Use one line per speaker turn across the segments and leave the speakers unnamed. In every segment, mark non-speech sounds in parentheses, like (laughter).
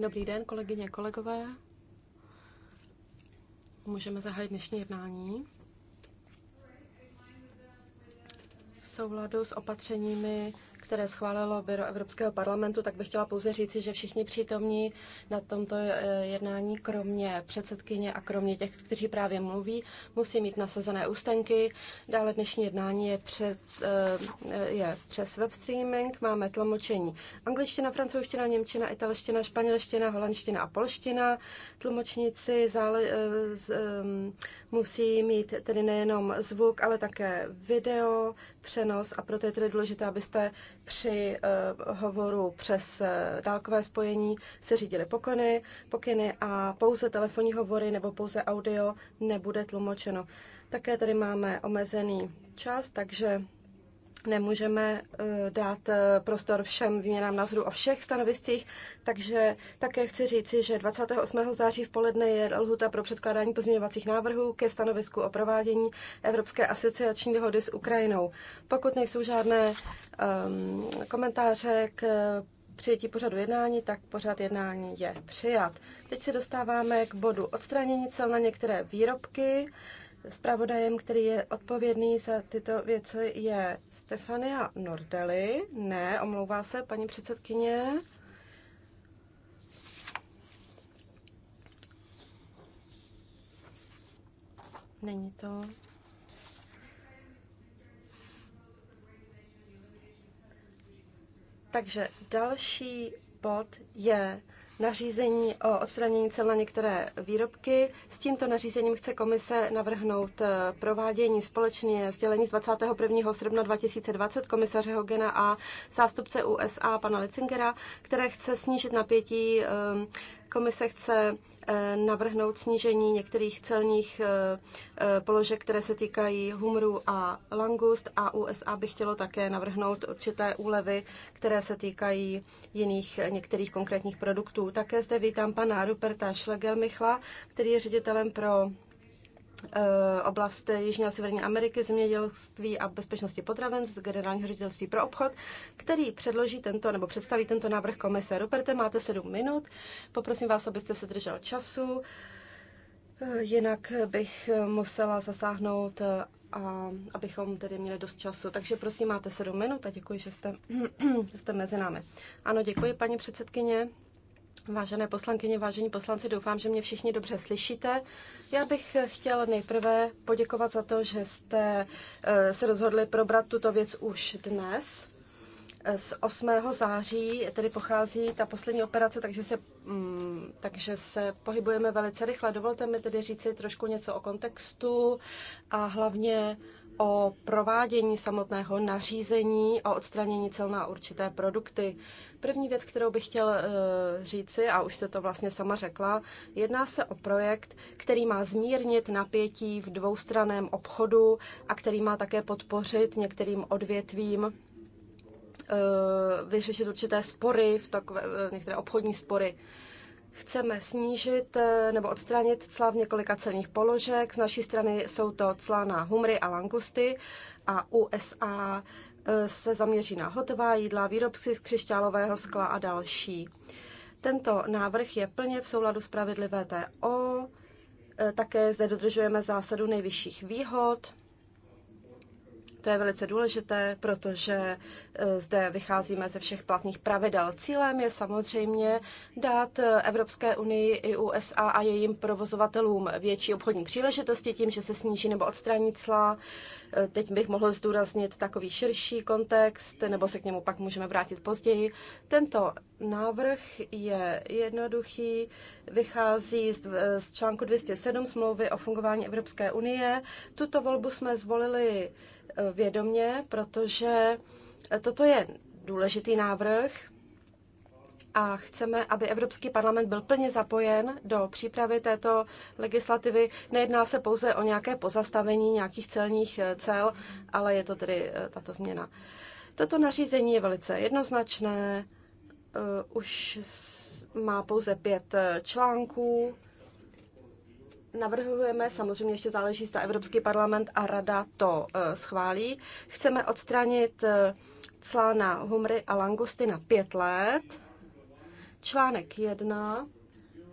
Dobrý den, kolegyně, kolegové. Můžeme zahájit dnešní jednání. V souladu s opatřeními které schválilo Biro Evropského parlamentu, tak bych chtěla pouze říci, že všichni přítomní na tomto eh, jednání, kromě předsedkyně a kromě těch, kteří právě mluví, musí mít nasazené ústenky. Dále dnešní jednání je, před, eh, je přes web streaming, máme tlumočení angličtina, francouzština, němčina, italština, španělština, holandština a polština. Tlumočníci zále, eh, z, ehm, musí mít tedy nejenom zvuk, ale také video, přenos a proto je tedy důležité, abyste při eh, hovoru přes eh, dálkové spojení se řídily pokony, pokyny a pouze telefonní hovory nebo pouze audio nebude tlumočeno. Také tady máme omezený čas, takže nemůžeme eh, dát eh, prostor všem výměnám názorů o všech stanoviscích, takže také chci říci, že 28. září v poledne je lhuta pro předkládání pozměňovacích návrhů ke stanovisku o provádění Evropské asociační dohody s Ukrajinou. Pokud nejsou žádné um, komentáře k eh, přijetí pořadu jednání, tak pořad jednání je přijat. Teď se dostáváme k bodu odstranění cel na některé výrobky. Spravodajem, který je odpovědný za tyto věci, je Stefania Nordeli. Ne, omlouvá se paní předsedkyně. Není to. Takže další bod je nařízení o odstranění cel na některé výrobky. S tímto nařízením chce komise navrhnout eh, provádění společně sdělení z 21. srpna 2020 komisaře Hogena a zástupce USA pana Litzingera, které chce snížit napětí. Eh, komise chce Eh, navrhnout snížení některých celních eh, eh, položek, které se týkají humru a langust a USA by chtělo také navrhnout určité úlevy, které se týkají jiných některých konkrétních produktů. Také zde vítám pana Ruperta Schlegelmichla, který je ředitelem pro Eh, oblast Jižní a Severní Ameriky, zemědělství a bezpečnosti potravin z generálního ředitelství pro obchod, který předloží tento nebo představí tento návrh komise. Ruperte, máte sedm minut. Poprosím vás, abyste se držel času. Eh, jinak bych musela zasáhnout, eh, a abychom tedy měli dost času. Takže prosím, máte sedm minut a děkuji, že jste, (clears throat) jste mezi námi. Ano, děkuji, paní předsedkyně. Vážené poslankyně, vážení poslanci, doufám, že mě všichni dobře slyšíte. Já bych chtěla nejprve poděkovat za to, že jste eh, se rozhodli probrat tuto věc už dnes. Eh, z 8. září tedy pochází ta poslední operace, takže se, mm, takže se pohybujeme velice rychle. Dovolte mi tedy říci trošku něco o kontextu a hlavně o provádění samotného nařízení a odstranění cel na určité produkty. První věc, kterou bych chtěl eh, říci, a už jste to vlastně sama řekla, jedná se o projekt, který má zmírnit napětí v dvoustraném obchodu a který má také podpořit některým odvětvím eh, vyřešit určité spory, v takové, eh, některé obchodní spory. Chceme snížit nebo odstranit cla v několika celních položek. Z naší strany jsou to cla na humry a langusty a USA se zaměří na hotová jídla, výrobky z křišťálového skla a další. Tento návrh je plně v souladu s pravidly VTO, e, také zde dodržujeme zásadu nejvyšších výhod, to je velice důležité, protože eh, zde vycházíme ze všech platných pravidel. Cílem je samozřejmě dát eh, Evropské unii i USA a jejím provozovatelům větší obchodní příležitosti tím, že se sníží nebo odstraní cla. Eh, teď bych mohl zdůraznit takový širší kontext, nebo se k němu pak můžeme vrátit později. Tento návrh je jednoduchý, vychází z, z článku 207 smlouvy o fungování Evropské unie. Tuto volbu jsme zvolili vědomě, protože toto je důležitý návrh a chceme, aby Evropský parlament byl plně zapojen do přípravy této legislativy. Nejedná se pouze o nějaké pozastavení nějakých celních eh, cel, ale je to tedy eh, tato změna. Toto nařízení je velice jednoznačné, eh, už má pouze pět článků, navrhujeme, samozřejmě ještě záleží, zda Evropský parlament a rada to eh, schválí. Chceme odstranit eh, clá na humry a langusty na pět let. Článek 1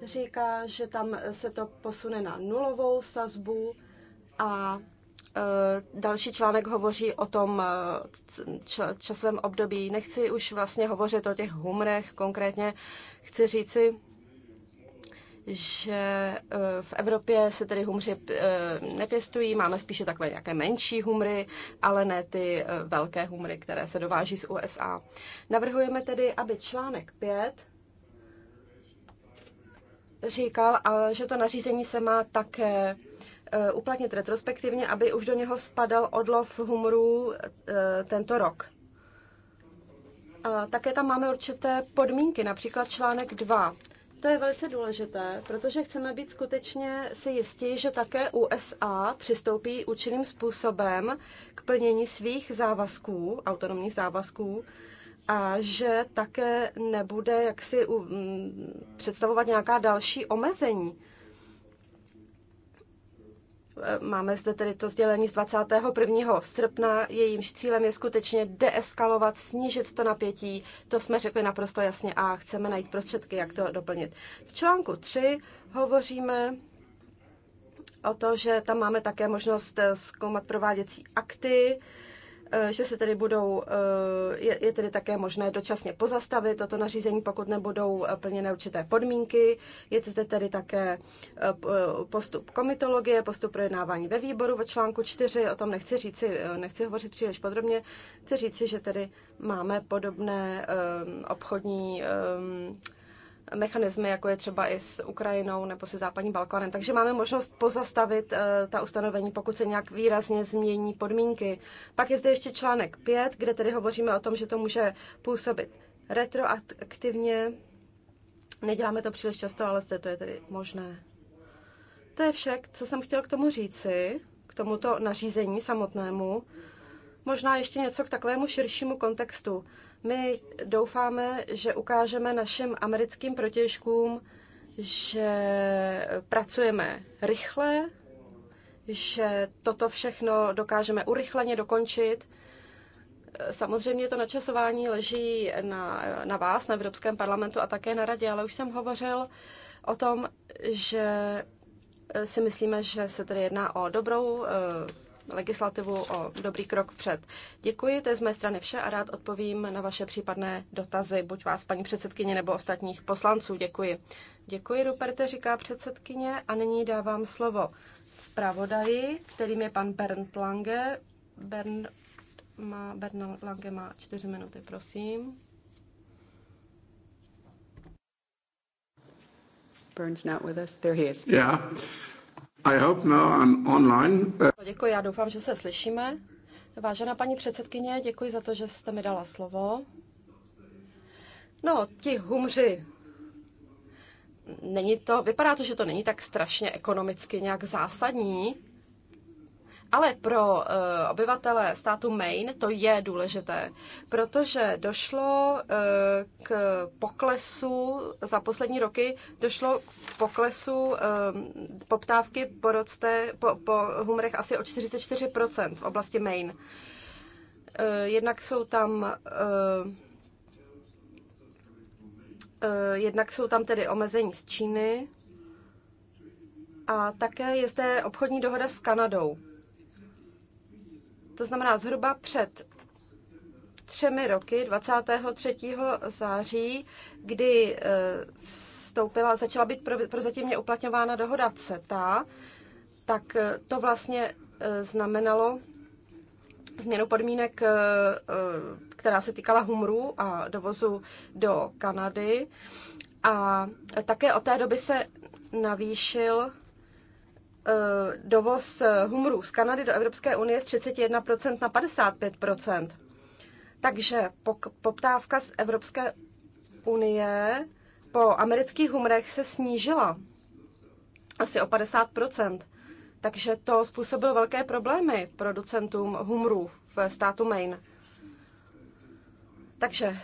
říká, že tam eh, se to posune na nulovou sazbu a další článek hovoří o tom časovém období. Nechci už vlastně hovořit o těch humrech konkrétně, chci říci, že eh, v Evropě se tedy humři eh, nepěstují, máme spíše takové nějaké menší humry, ale ne ty eh, velké humry, které se dováží z USA. Navrhujeme tedy, aby článek 5 říkal, že to nařízení se má také uplatnit retrospektivně, aby už do něho spadal odlov humrů tento rok. Také tam máme určité podmínky, například článek 2 to je velice důležité, protože chceme být skutečně si jistí, že také USA přistoupí účinným způsobem k plnění svých závazků, autonomních závazků, a že také nebude jaksi představovat nějaká další omezení. Eh, máme zde tedy to sdělení z 21. srpna, jejímž cílem je skutečně deeskalovat, snížit to napětí. To jsme řekli naprosto jasně a chceme najít prostředky, jak to doplnit. V článku 3 hovoříme o to, že tam máme také možnost eh, zkoumat prováděcí akty, Eh, že se tedy budou, eh, je, je tedy také možné dočasně pozastavit toto nařízení, pokud nebudou eh, plněné určité podmínky. Je zde tedy také postup komitologie, postup projednávání ve výboru ve článku 4, o tom nechci říci, nechci hovořit příliš podrobně, chci říci, že tedy máme podobné obchodní mechanismy, jako je třeba i s Ukrajinou nebo se Západním Balkánem. Takže máme možnost pozastavit eh, ta ustanovení, pokud se nějak výrazně změní podmínky. Pak je zde ještě článek 5, kde tedy hovoříme o tom, že to může působit retroaktivně. Neděláme to příliš často, ale zde to je tedy možné. To je vše, co jsem chtěl k tomu říci, k tomuto nařízení samotnému. Možná ještě něco k takovému širšímu kontextu. My doufáme, že ukážeme našim americkým protěžkům, že pracujeme rychle, že toto všechno dokážeme urychleně dokončit. Samozřejmě to načasování leží na, na vás, na Evropském parlamentu a také na radě, ale už jsem hovořil o tom, že si myslíme, že se tedy jedná o dobrou eh, legislativu o dobrý krok před. Děkuji, to je z mé strany vše a rád odpovím na vaše případné dotazy, buď vás paní předsedkyně nebo ostatních poslanců. Děkuji. Děkuji, Ruperte, říká předsedkyně a nyní dávám slovo zpravodaji, kterým je pan Bernd Lange. Bernd má, Bernd Lange má čtyři minuty, prosím. Bernd's not with us. There he is. Yeah.
I hope now I'm online. No,
děkuji, já doufám, že se slyšíme. Vážená paní předsedkyně, děkuji za to, že jste mi dala slovo. No, ti humři. Není to, vypadá to, že to není tak strašně ekonomicky nějak zásadní, ale pro eh, obyvatele státu Maine to je důležité, protože došlo eh, k poklesu za poslední roky, došlo k poklesu eh, poptávky po, roce, po, po humrech asi o 44% v oblasti Maine. Jednak jsou tam jednak jsou tam tedy omezení z Číny a také je zde obchodní dohoda s Kanadou. To znamená zhruba před třemi roky, 23. září, kdy e, vstoupila, začala být prozatímně uplatňována dohoda CETA, tak e, to vlastně e, znamenalo změnu podmínek, která se týkala humru a dovozu do Kanady. A také od té doby se navýšil Eh, dovoz eh, humrů z Kanady do Evropské unie z 31% na 55%. Takže poptávka z Evropské unie po amerických humrech se snížila asi o 50%. Takže to způsobilo velké problémy producentům humrů v státu Maine. Takže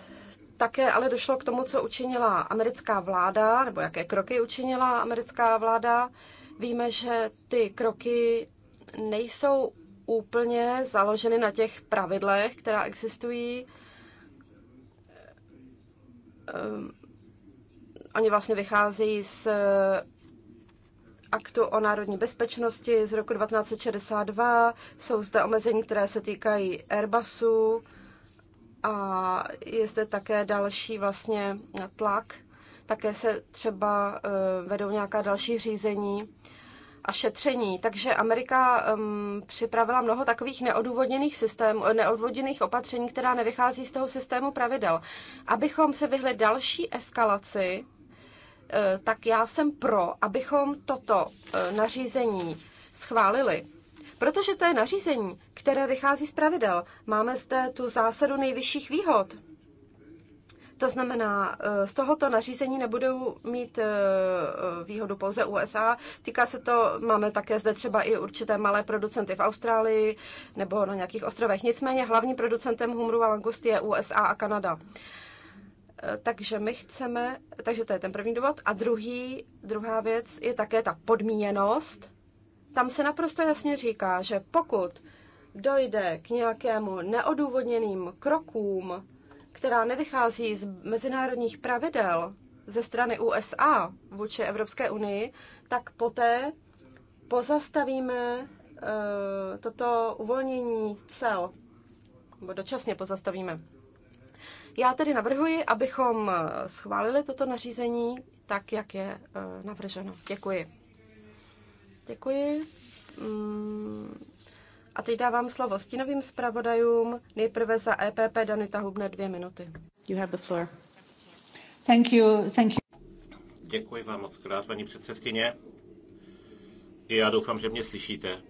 také ale došlo k tomu, co učinila americká vláda, nebo jaké kroky učinila americká vláda. Víme, že ty kroky nejsou úplně založeny na těch pravidlech, která existují. Ehm, oni vlastně vycházejí z eh, aktu o národní bezpečnosti z roku 1962. Jsou zde omezení, které se týkají Airbusu a je zde také další vlastně tlak. Také se třeba eh, vedou nějaká další řízení a šetření. Takže Amerika um, připravila mnoho takových neodůvodněných systémů, neodvodněných opatření, která nevychází z toho systému pravidel. Abychom se vyhli další eskalaci, eh, tak já jsem pro, abychom toto eh, nařízení schválili. Protože to je nařízení, které vychází z pravidel. Máme zde tu zásadu nejvyšších výhod. To znamená, eh, z tohoto nařízení nebudou mít eh, eh, výhodu pouze USA. Týká se to, máme také zde třeba i určité malé producenty v Austrálii nebo na nějakých ostrovech. Nicméně hlavní producentem humru a langusty je USA a Kanada. Takže my chceme, takže to je ten první důvod. A druhý, druhá věc je také ta podmíněnost. Tam se naprosto jasně říká, že pokud dojde k nějakému neodůvodněným krokům, která nevychází z mezinárodních pravidel ze strany USA vůči Evropské unii, tak poté pozastavíme eh, toto uvolnění cel, nebo dočasně pozastavíme. Já tedy navrhuji, abychom eh, schválili toto nařízení tak, jak je eh, navrženo. Děkuji. Děkuji. Mm, a teď dávám slovo stínovým zpravodajům. Nejprve za EPP Danita Hubne dvě minuty. You have the floor. Thank you, thank you.
Děkuji vám moc krát, paní předsedkyně. I já doufám, že mě slyšíte.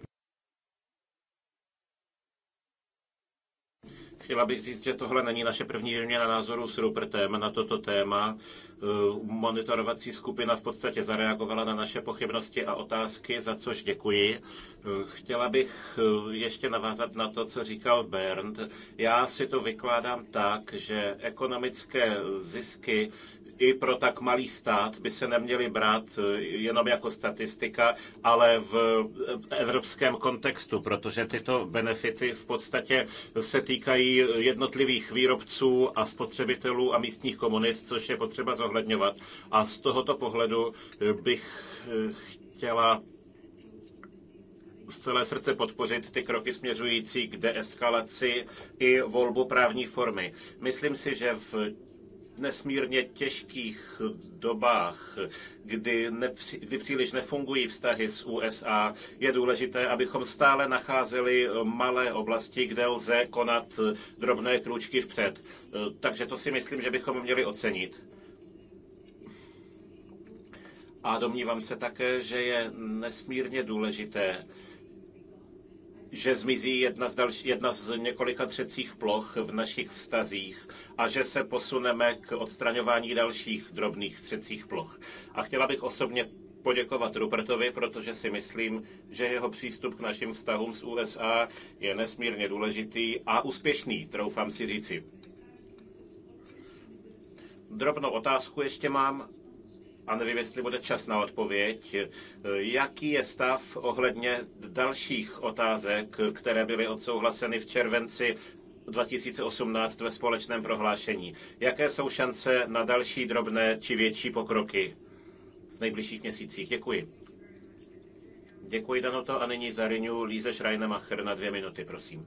Chtěla bych říct, že tohle není naše první výměna názorů s Rupertem na toto téma. Eh, monitorovací skupina v podstatě zareagovala na naše pochybnosti a otázky, za což děkuji. Eh, chtěla bych eh, ještě navázat na to, co říkal Bernd. Já si to vykládám tak, že ekonomické zisky i pro tak malý stát by se neměly brát eh, jenom jako statistika, ale v eh, evropském kontextu, protože tyto benefity v podstatě se týkají jednotlivých výrobců a spotřebitelů a místních komunit, což je potřeba zohledňovat. A z tohoto pohledu eh, bych chtěla z celé srdce podpořit ty kroky směřující k deeskalaci i volbu právní formy. Myslím si, že v nesmírně těžkých dobách, kdy, nepři, kdy příliš nefungují vztahy s USA, je důležité, abychom stále nacházeli malé oblasti, kde lze konat drobné kručky vpřed. Takže to si myslím, že bychom měli ocenit. A domnívám se také, že je nesmírně důležité, že zmizí jedna z, další, jedna z několika třecích ploch v našich vztazích a že se posuneme k odstraňování dalších drobných třecích ploch. A chtěla bych osobně poděkovat Rupertovi, protože si myslím, že jeho přístup k našim vztahům s USA je nesmírně důležitý a úspěšný, troufám si říci. Drobnou otázku ještě mám a nevím, jestli bude čas na odpověď. E, jaký je stav ohledně dalších otázek, které byly odsouhlaseny v červenci 2018 ve společném prohlášení? Jaké jsou šance na další drobné či větší pokroky v nejbližších měsících? Děkuji. Děkuji, Danoto, a nyní za Rinu Líze Schreinemacher na dvě minuty, prosím.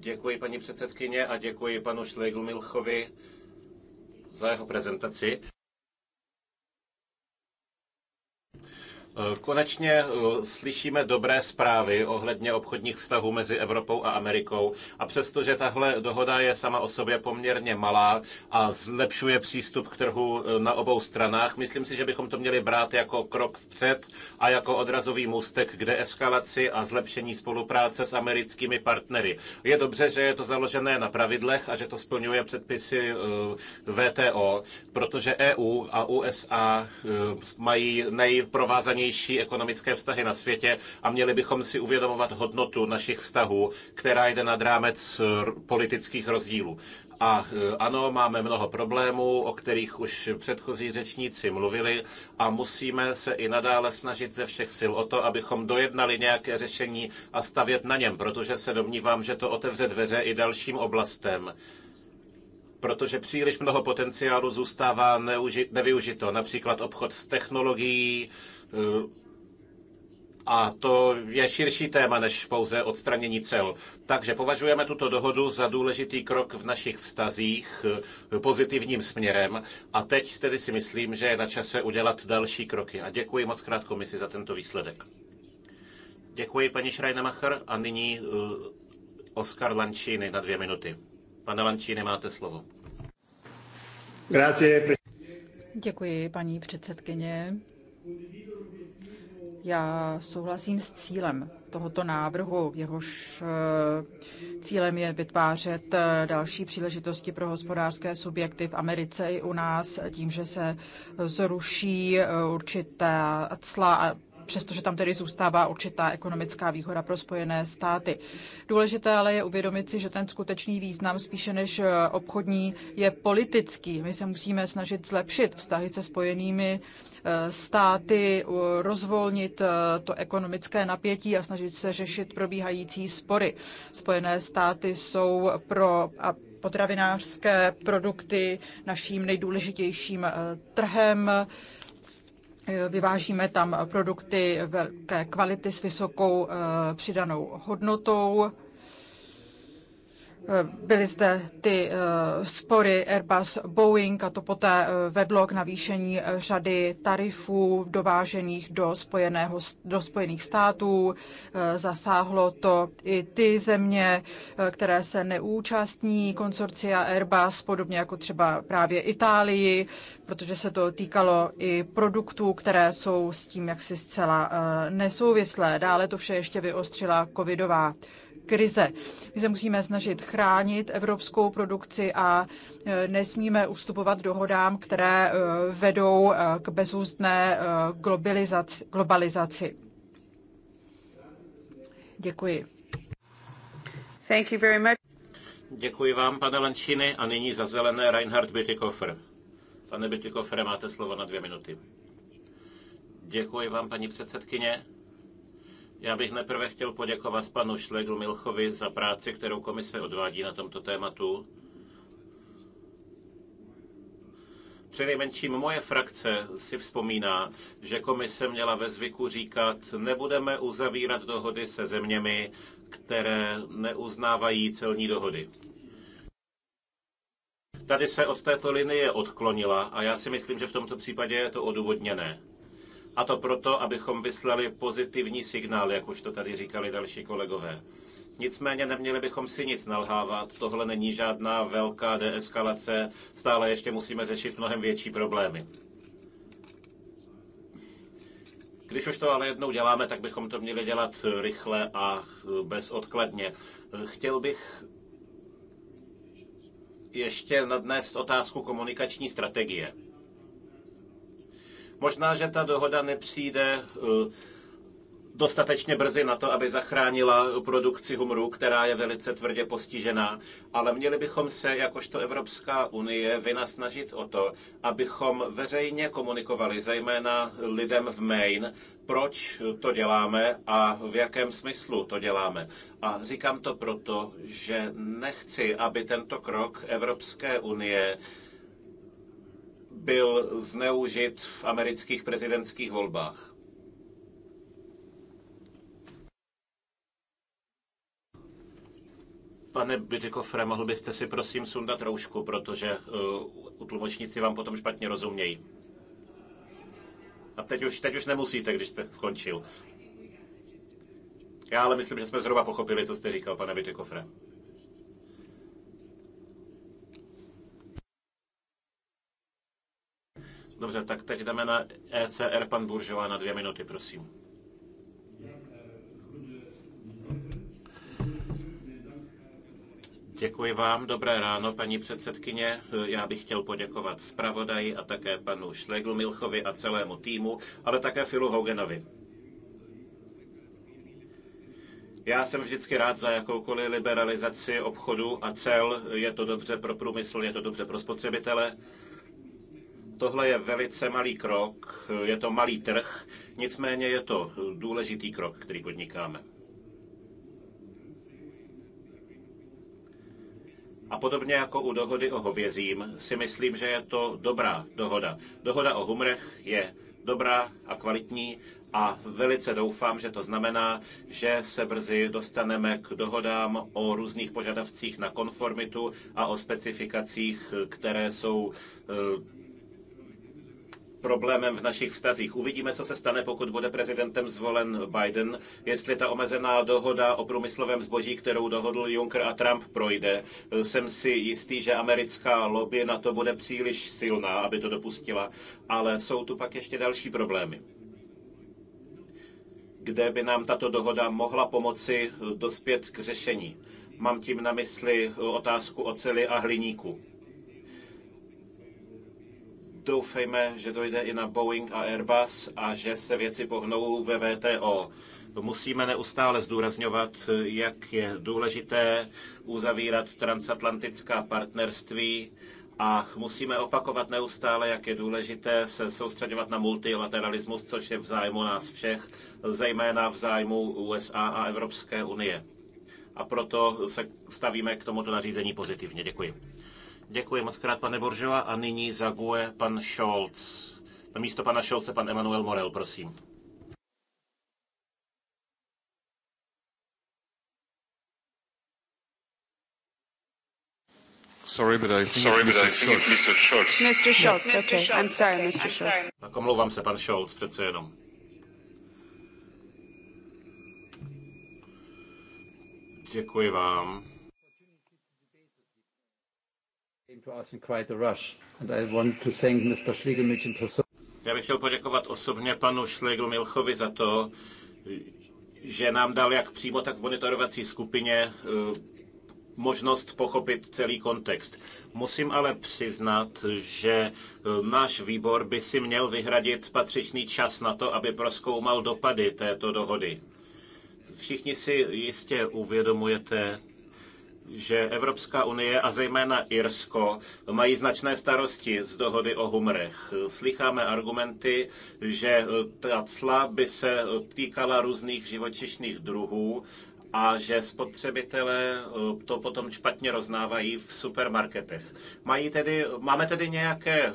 Děkuji, paní předsedkyně, a děkuji panu Šleglmilchovi. Milchovi za jeho prezentaci. Konečně eh, slyšíme dobré zprávy ohledně obchodních vztahů mezi Evropou a Amerikou a přestože tahle dohoda je sama o sobě poměrně malá a zlepšuje přístup k trhu eh, na obou stranách, myslím si, že bychom to měli brát jako krok vpřed a jako odrazový můstek k deeskalaci a zlepšení spolupráce s americkými partnery. Je dobře, že je to založené na pravidlech a že to splňuje předpisy eh, VTO, protože EU a USA mají nejprovázanější nejvýznamnější ekonomické vztahy na světě a měli bychom si uvědomovat hodnotu našich vztahů, která jde nad rámec eh, politických rozdílů. A eh, ano, máme mnoho problémů, o kterých už předchozí řečníci mluvili a musíme se i nadále snažit ze všech sil o to, abychom dojednali nějaké řešení a stavět na něm, protože se domnívám, že to otevře dveře i dalším oblastem protože příliš mnoho potenciálu zůstává neuži- nevyužito, například obchod s technologií, Eh, a to je širší téma než pouze odstranění cel. Takže považujeme tuto dohodu za důležitý krok v našich vztazích eh, pozitivním směrem. A teď tedy si myslím, že je na čase udělat další kroky. A děkuji moc krát komisi za tento výsledek. Děkuji, paní Schreinemacher A nyní eh, Oskar Lančíny na dvě minuty. Pane Lančíny, máte slovo.
Děkuji, paní předsedkyně. Já souhlasím s cílem tohoto návrhu, jehož eh, cílem je vytvářet eh, další příležitosti pro hospodářské subjekty v Americe i u nás tím, že se zruší eh, určité cla přestože tam tedy zůstává určitá ekonomická výhoda pro Spojené státy. Důležité ale je uvědomit si, že ten skutečný význam spíše než eh, obchodní je politický. My se musíme snažit zlepšit vztahy se Spojenými eh, státy, rozvolnit eh, to ekonomické napětí a snažit se řešit probíhající spory. Spojené státy jsou pro potravinářské produkty naším nejdůležitějším trhem. Eh, vyvážíme tam produkty velké kvality s vysokou eh, přidanou hodnotou. Byly zde ty eh, spory Airbus-Boeing a to poté eh, vedlo k navýšení eh, řady tarifů dovážených do, spojeného, do Spojených států. Zasáhlo to i ty země, které se neúčastní konsorcia Airbus, podobně jako třeba právě Itálii, protože se to týkalo i produktů, které jsou s tím jaksi zcela nesouvislé. Dále to vše ještě vyostřila covidová krize. My se musíme snažit chránit evropskou produkci a e, nesmíme ustupovat dohodám, které e, vedou e, k bezúzdné globalizaci. Děkuji. Thank you very much.
Děkuji vám, pane Lančiny, a nyní za zelené Reinhard Bütikofer. Pane Bütikofer, máte slovo na dvě minuty. Děkuji vám, paní předsedkyně. Já bych neprve chtěl poděkovat panu Šlegl-Milchovi za práci, kterou komise odvádí na tomto tématu. Přinejmenším moje frakce si vzpomíná, že komise měla ve zvyku říkat, nebudeme uzavírat dohody se zeměmi, které neuznávají celní dohody. Tady se od této linie odklonila a já si myslím, že v tomto případě je to odůvodněné. A to proto, abychom vyslali pozitivní signál, jak už to tady říkali další kolegové. Nicméně neměli bychom si nic nalhávat, tohle není žádná velká deeskalace, stále ještě musíme řešit mnohem větší problémy. Když už to ale jednou děláme, tak bychom to měli dělat rychle a e, bezodkladně. Chtěl bych ještě nadnést otázku komunikační strategie. Možná, že ta dohoda nepřijde eh, dostatečně brzy na to, aby zachránila produkci humru, která je velice tvrdě postižená, ale měli bychom se jakožto Evropská unie vynasnažit o to, abychom veřejně komunikovali, zejména lidem v Maine, proč to děláme a v jakém smyslu to děláme. A říkám to proto, že nechci, aby tento krok Evropské unie byl zneužit v amerických prezidentských volbách. Pane Bidikofre, mohl byste si prosím sundat roušku, protože uh, tlumočníci vám potom špatně rozumějí. A teď už, teď už nemusíte, když jste skončil. Já ale myslím, že jsme zhruba pochopili, co jste říkal, pane Bidikofre. Dobře, tak teď jdeme na ECR, pan Buržová, na dvě minuty, prosím. Děkuji vám, dobré ráno, paní předsedkyně. Já bych chtěl poděkovat zpravodaji a také panu Milchovi a celému týmu, ale také Filu Hogenovi. Já jsem vždycky rád za jakoukoliv liberalizaci obchodu a cel. Je to dobře pro průmysl, je to dobře pro spotřebitele Tohle je velice malý krok, je to malý trh, nicméně je to důležitý krok, který podnikáme. A podobně jako u dohody o hovězím, si myslím, že je to dobrá dohoda. Dohoda o humrech je dobrá a kvalitní a velice doufám, že to znamená, že se brzy dostaneme k dohodám o různých požadavcích na konformitu a o specifikacích, které jsou eh, problémem v našich vztazích. Uvidíme, co se stane, pokud bude prezidentem zvolen Biden, jestli ta omezená dohoda o průmyslovém zboží, kterou dohodl Juncker a Trump, projde. Jsem si jistý, že americká lobby na to bude příliš silná, aby to dopustila, ale jsou tu pak ještě další problémy kde by nám tato dohoda mohla pomoci eh, dospět k řešení. Mám tím na mysli eh, otázku oceli a hliníku. Doufejme, že dojde i na Boeing a Airbus a že se věci pohnou ve VTO. Musíme neustále zdůrazňovat, jak je důležité uzavírat transatlantická partnerství a musíme opakovat neustále, jak je důležité se soustředovat na multilateralismus, což je v zájmu nás všech, zejména v zájmu USA a Evropské unie. A proto se stavíme k tomuto nařízení pozitivně. Děkuji. Děkuji moc krát, pane Boržova. A nyní zaguje pan Scholz. Na místo pana Scholze pan Emanuel Morel, prosím. Sorry, but I think, sorry, but I think it's Mr. Scholz. Mr. Scholz, yes, okay. Scholz. I'm sorry, Mr. Schultz. Scholz. Tak omlouvám se, pan Scholz, přece jenom. Děkuji vám. Já bych chtěl poděkovat osobně panu Schlegelmilchovi za to, že nám dal jak přímo, tak v monitorovací skupině eh, možnost pochopit celý kontext. Musím ale přiznat, že eh, náš výbor by si měl vyhradit patřičný čas na to, aby proskoumal dopady této dohody. Všichni si jistě uvědomujete, že Evropská unie a zejména Irsko mají značné starosti z dohody o humrech. Slycháme argumenty, že ta cla by se týkala různých živočišných druhů a že spotřebitelé to potom špatně roznávají v supermarketech. Mají tedy, máme tedy nějaké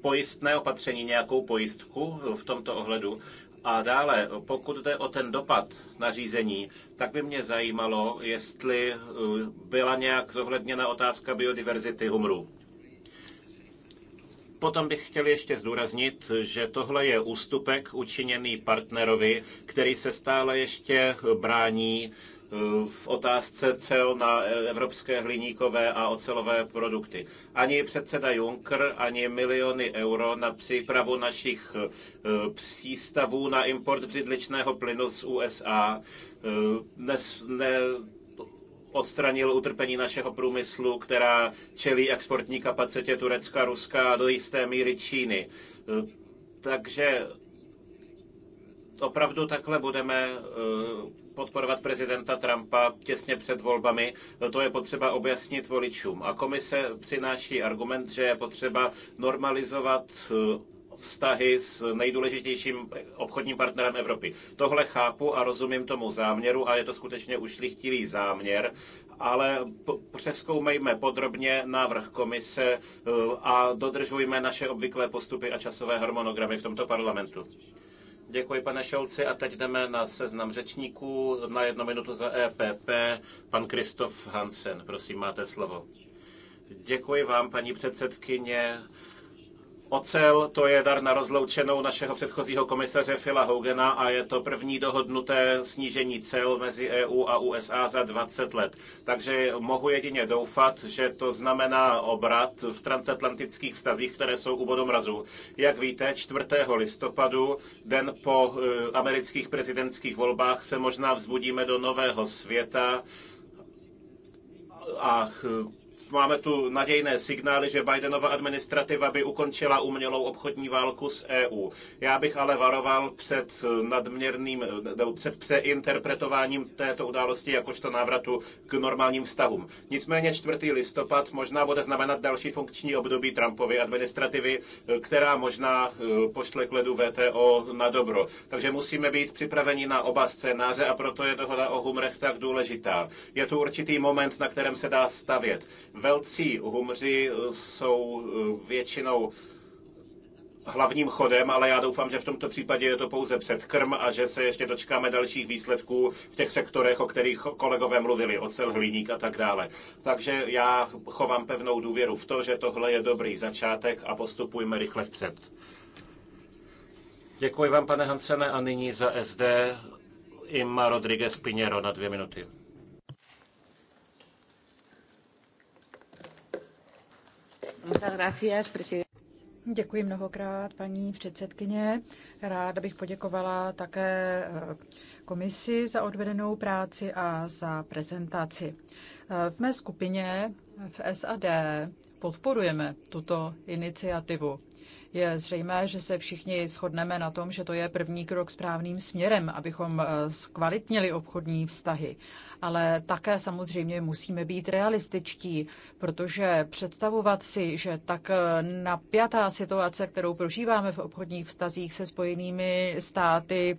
pojistné opatření, nějakou pojistku v tomto ohledu. A dále, pokud jde o ten dopad na řízení, tak by mě zajímalo, jestli eh, byla nějak zohledněna otázka biodiverzity humrů. Potom bych chtěl ještě zdůraznit, že tohle je ústupek učiněný partnerovi, který se stále ještě brání v otázce cel na evropské hliníkové a ocelové produkty. Ani předseda Juncker, ani miliony euro na přípravu našich eh, přístavů na import břidličného plynu z USA eh, nes, ne, odstranil utrpení našeho průmyslu, která čelí exportní kapacitě Turecka, Ruska a do jisté míry Číny. Eh, takže opravdu takhle budeme podporovat prezidenta Trumpa těsně před volbami. To je potřeba objasnit voličům. A komise přináší argument, že je potřeba normalizovat eh, vztahy s nejdůležitějším obchodním partnerem Evropy. Tohle chápu a rozumím tomu záměru a je to skutečně ušlichtilý záměr, ale přeskoumejme podrobně návrh komise eh, a dodržujme naše obvyklé postupy a časové harmonogramy v tomto parlamentu. Děkuji, pane Šolci. A teď jdeme na seznam řečníků. Na jednu minutu za EPP. Pan Kristof Hansen, prosím, máte slovo. Děkuji vám, paní předsedkyně. Ocel, to je dar na rozloučenou našeho předchozího komisaře Fila Hogana a je to první dohodnuté snížení cel mezi EU a USA za 20 let. Takže mohu jedině doufat, že to znamená obrat v transatlantických vztazích, které jsou u bodu mrazu. Jak víte, 4. listopadu, den po eh, amerických prezidentských volbách, se možná vzbudíme do nového světa a eh, máme tu nadějné signály, že Bidenova administrativa by ukončila umělou obchodní válku s EU. Já bych ale varoval před nadměrným, před přeinterpretováním této události jakožto návratu k normálním vztahům. Nicméně 4. listopad možná bude znamenat další funkční období Trumpovy administrativy, která možná eh, pošle k ledu VTO na dobro. Takže musíme být připraveni na oba scénáře a proto je dohoda o humrech tak důležitá. Je tu určitý moment, na kterém se dá stavět. Velcí humři eh, jsou eh, většinou hlavním chodem, ale já doufám, že v tomto případě je to pouze předkrm a že se ještě dočkáme dalších výsledků v těch sektorech, o kterých kolegové mluvili, ocel, hliník a tak dále. Takže já chovám pevnou důvěru v to, že tohle je dobrý začátek a postupujme rychle vpřed. Děkuji vám, pane Hansene, a nyní za SD Ima Rodriguez Pinheiro na dvě minuty.
Děkuji mnohokrát, paní předsedkyně. Ráda bych poděkovala také eh, komisi za odvedenou práci a za prezentaci. Eh, v mé skupině v SAD podporujeme tuto iniciativu. Je zřejmé, že se všichni shodneme na tom, že to je první krok správným směrem, abychom eh, zkvalitnili obchodní vztahy. Ale také samozřejmě musíme být realističtí, protože představovat si, že tak eh, napjatá situace, kterou prožíváme v obchodních vztazích se spojenými státy,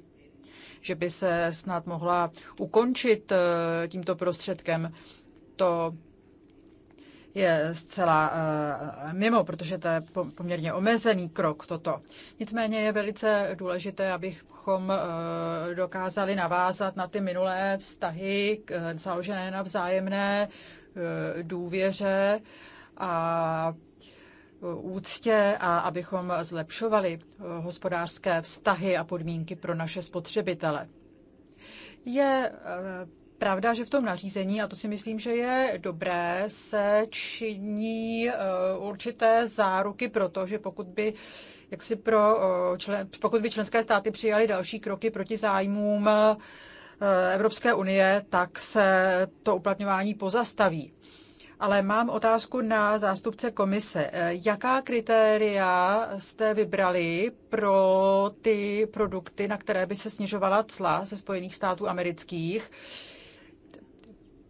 že by se snad mohla ukončit eh, tímto prostředkem, to je zcela eh, mimo, protože to je poměrně omezený krok toto. Nicméně je velice důležité, abychom eh, dokázali navázat na ty minulé vztahy založené na vzájemné eh, důvěře a úctě a abychom zlepšovali hospodářské vztahy a podmínky pro naše spotřebitele. Je pravda, že v tom nařízení, a to si myslím, že je dobré, se činí eh, určité záruky pro to, že pokud by jak si pro eh, člen, pokud by členské státy přijaly další kroky proti zájmům eh, Evropské unie, tak se to uplatňování pozastaví. Ale mám otázku na zástupce komise. Jaká kritéria jste vybrali pro ty produkty, na které by se snižovala cla ze Spojených států amerických?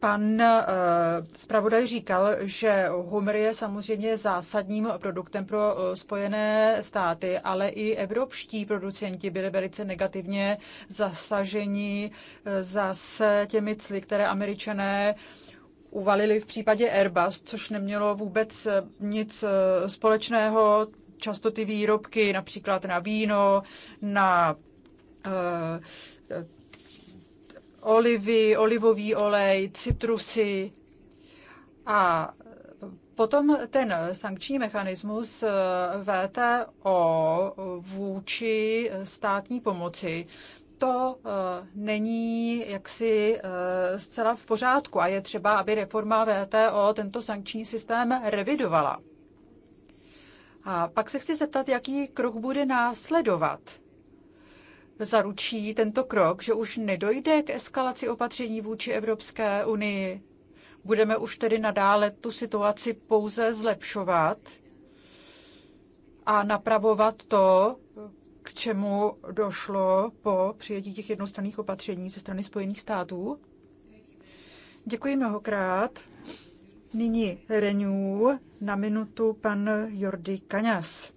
Pan eh, zpravodaj říkal, že humor je samozřejmě zásadním produktem pro eh, Spojené státy, ale i evropští producenti byli velice negativně zasaženi eh, zase těmi cly, které američané uvalili v případě Airbus, což nemělo vůbec nic společného. Často ty výrobky, například na víno, na olivy, olivový olej, citrusy. A potom ten sankční mechanismus eh, VTO vůči státní pomoci, to eh, není jaksi eh, zcela v pořádku a je třeba, aby reforma VTO tento sankční systém revidovala. A pak se chci zeptat, jaký krok bude následovat zaručí tento krok, že už nedojde k eskalaci opatření vůči Evropské unii? Budeme už tedy nadále tu situaci pouze zlepšovat a napravovat to, k čemu došlo po přijetí těch jednostranných opatření ze strany Spojených států? Děkuji mnohokrát. Nyní Renew na minutu pan Jordi Kaňas.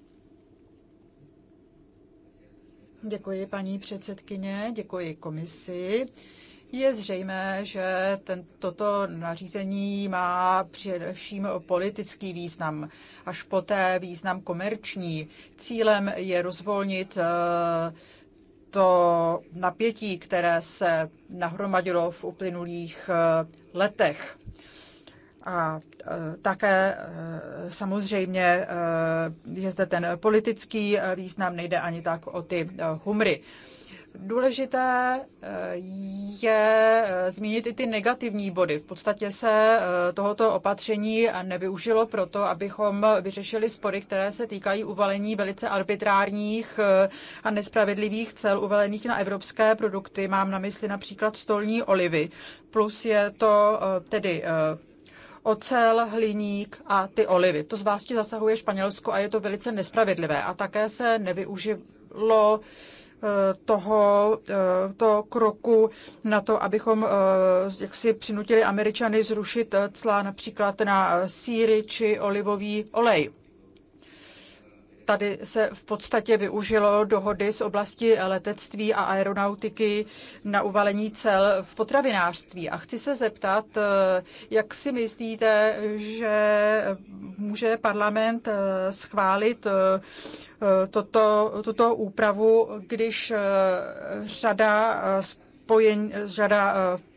Děkuji, paní předsedkyně, děkuji komisi. Je zřejmé, že ten, toto nařízení má především politický význam, až poté význam komerční. Cílem je rozvolnit eh, to napětí, které se nahromadilo v uplynulých eh, letech. A e, také e, samozřejmě e, je zde ten politický význam, nejde ani tak o ty humry. Důležité je zmínit i ty negativní body. V podstatě se tohoto opatření nevyužilo proto, abychom vyřešili spory, které se týkají uvalení velice arbitrárních a nespravedlivých cel uvalených na evropské produkty. Mám na mysli například stolní olivy. Plus je to tedy ocel, hliník a ty olivy. To zvláště zasahuje Španělsko a je to velice nespravedlivé. A také se nevyužilo eh, toho, eh, to kroku na to, abychom eh, jak si přinutili Američany zrušit cla například na síry či olivový olej. Tady se v podstatě využilo dohody z oblasti letectví a aeronautiky na uvalení cel v potravinářství. A chci se zeptat, eh, jak si myslíte, že může parlament eh, schválit eh, toto, tuto úpravu, když řada spojen, řada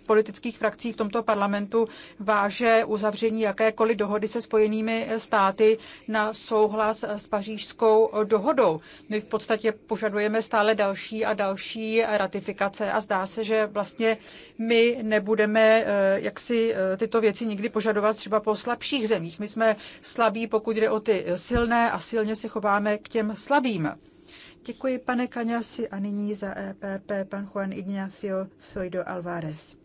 politických frakcí v tomto parlamentu váže uzavření jakékoliv dohody se spojenými státy na souhlas s pařížskou dohodou. My v podstatě požadujeme stále další a další ratifikace a zdá se, že vlastně my nebudeme eh, jaksi eh, tyto věci nikdy požadovat třeba po slabších zemích. My jsme slabí, pokud jde o ty silné a silně se chováme k těm slabým. Děkuji, pane Kaňasi, a nyní za EPP pan Juan Ignacio Soido Alvarez.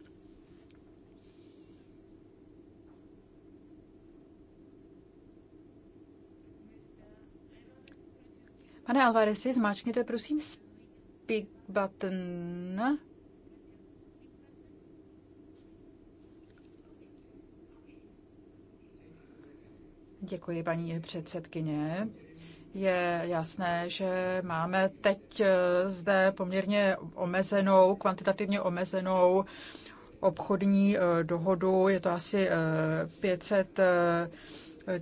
Pane Alvarezi, zmáčkněte prosím speak button. Děkuji, paní předsedkyně. Je jasné, že máme teď eh, zde poměrně omezenou, kvantitativně omezenou obchodní eh, dohodu. Je to asi 500 eh,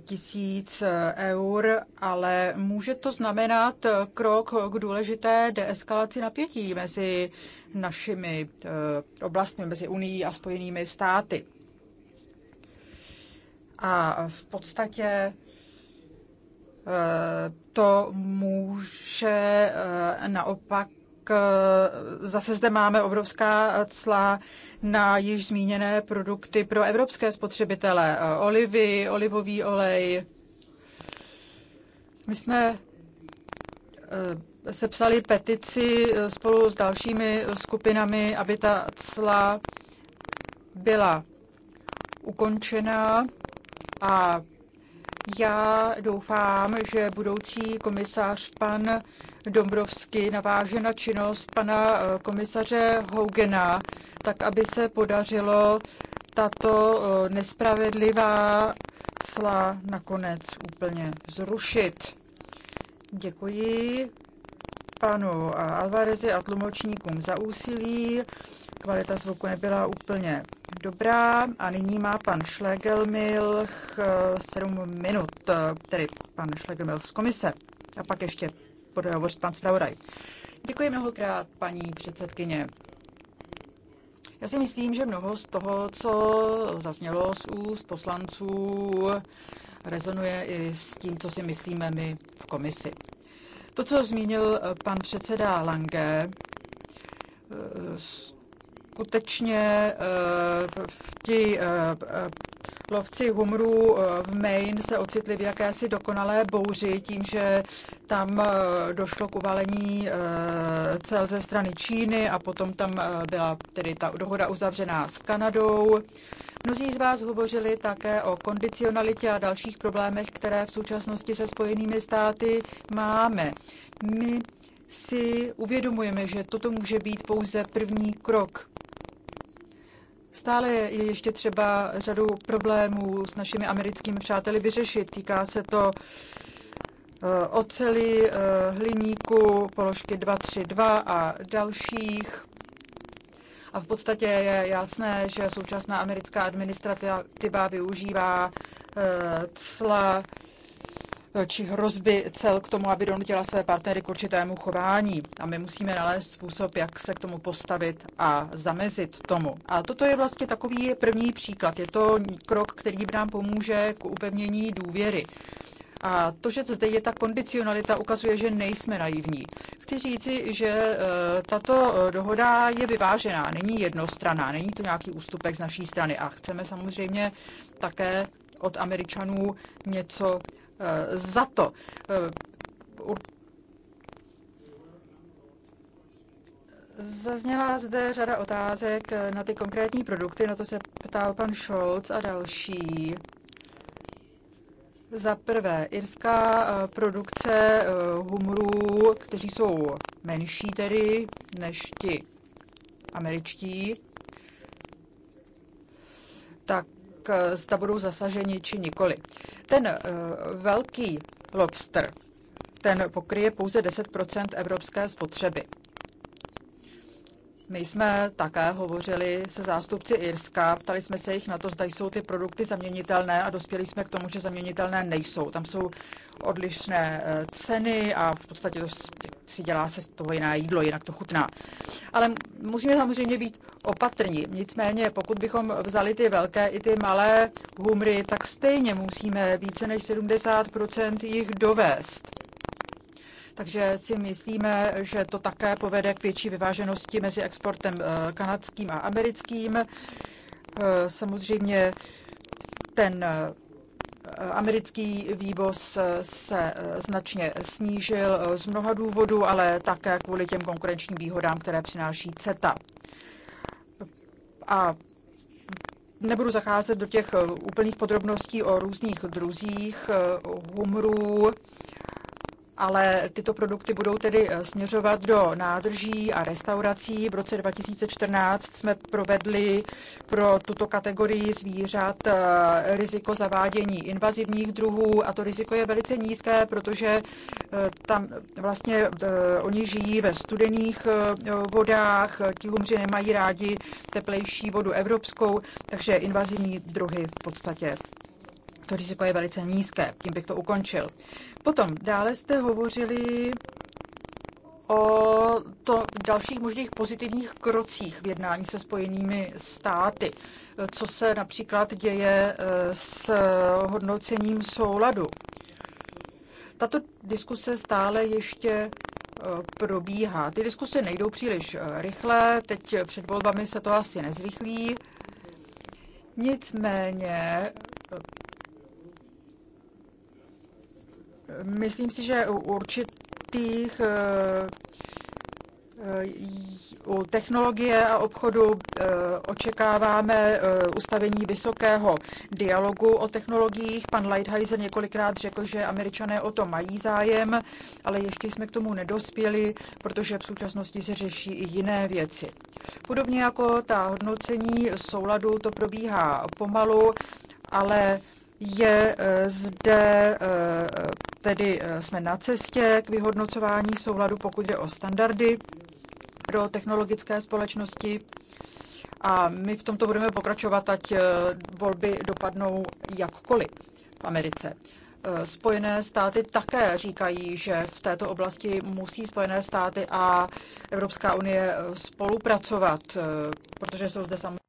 tisíc eh, eur, ale může to znamenat eh, krok k důležité deeskalaci napětí mezi našimi eh, oblastmi, mezi Unii a Spojenými státy. A v podstatě to může naopak zase zde máme obrovská cla na již zmíněné produkty pro evropské spotřebitele. Olivy, olivový olej. My jsme eh, sepsali petici eh, spolu s dalšími skupinami, aby ta cla byla ukončena a já doufám, že budoucí komisář pan Dombrovsky naváže na činnost pana eh, komisaře Hougena, tak aby se podařilo tato eh, nespravedlivá cla nakonec úplně zrušit. Děkuji panu eh, Alvarezi a tlumočníkům za úsilí. Kvalita zvuku nebyla úplně dobrá. A nyní má pan Schlegelmilch 7 minut, tedy pan Schlegelmilch z komise. A pak ještě bude pan zpravodaj. Děkuji mnohokrát, paní předsedkyně. Já si myslím, že mnoho z toho, co zaznělo z úst poslanců, rezonuje i s tím, co si myslíme my v komisi. To, co zmínil pan předseda Lange, skutečně eh, ti eh, eh, lovci humrů v Maine se ocitli v jakési dokonalé bouři tím, že tam došlo k uvalení cel ze strany Číny a potom tam byla tedy ta dohoda uzavřená s Kanadou. Mnozí z vás hovořili také o kondicionalitě a dalších problémech, které v současnosti se Spojenými státy máme. My si uvědomujeme, že toto může být pouze první krok. Stále je ještě třeba řadu problémů s našimi americkými přáteli vyřešit. Týká se to eh, oceli, eh, hliníku, položky 232 a dalších. A v podstatě je jasné, že současná americká administrativa využívá eh, cla Eh, či hrozby cel k tomu, aby donutila své partnery k určitému chování. A my musíme nalézt způsob, jak se k tomu postavit a zamezit tomu. A toto je vlastně takový první příklad. Je to krok, který nám pomůže k upevnění důvěry. A to, že zde je ta kondicionalita, ukazuje, že nejsme naivní. Chci říci, že eh, tato eh, dohoda je vyvážená, není jednostraná, není to nějaký ústupek z naší strany a chceme samozřejmě také od Američanů něco Eh, za to. Eh, Zazněla zde řada otázek na ty konkrétní produkty, na to se ptal pan Scholz a další. Za prvé, irská eh, produkce humorů, kteří jsou menší tedy než ti američtí, tak zda budou zasaženi či nikoli. Ten eh, velký lobster, ten pokryje pouze 10 evropské spotřeby. My jsme také hovořili se zástupci Irska, ptali jsme se jich na to, zda jsou ty produkty zaměnitelné a dospěli jsme k tomu, že zaměnitelné nejsou. Tam jsou odlišné eh, ceny a v podstatě to si dělá se z toho jiné jídlo, jinak to chutná. Ale musíme samozřejmě být opatrní. Nicméně, pokud bychom vzali ty velké i ty malé humry, tak stejně musíme více než 70% jich dovést takže si myslíme, že to také povede k větší vyváženosti mezi exportem eh, kanadským a americkým. Eh, samozřejmě ten eh, americký vývoz se značně snížil z mnoha důvodů, ale také kvůli těm konkurenčním výhodám, které přináší CETA. A nebudu zacházet do těch úplných podrobností o různých druzích humrů ale tyto produkty budou tedy eh, směřovat do nádrží a restaurací. V roce 2014 jsme provedli pro tuto kategorii zvířat eh, riziko zavádění invazivních druhů a to riziko je velice nízké, protože eh, tam vlastně oni žijí ve studených vodách, ti humři nemají rádi teplejší vodu evropskou, takže invazivní druhy v podstatě to riziko je velice nízké. Tím bych to ukončil. Potom dále jste hovořili o to dalších možných pozitivních krocích v jednání se spojenými státy. Co se například děje eh, s hodnocením souladu. Tato diskuse stále ještě eh, probíhá. Ty diskuse nejdou příliš eh, rychle, teď před volbami se to asi nezrychlí. Nicméně Myslím si, že u určitých eh, eh, u technologie a obchodu eh, očekáváme ustavení vysokého dialogu o technologiích. Pan Lighthizer několikrát řekl, že američané o to mají zájem, ale ještě jsme k tomu nedospěli, protože v současnosti se řeší i jiné věci. Podobně jako ta hodnocení souladu, to probíhá pomalu, ale je eh, zde eh, tedy eh, jsme na cestě k vyhodnocování souladu, pokud jde o standardy pro technologické společnosti. A my v tomto budeme pokračovat, ať volby dopadnou jakkoliv v Americe. Spojené státy také říkají, že v této oblasti musí Spojené státy a Evropská unie spolupracovat, protože jsou zde samozřejmě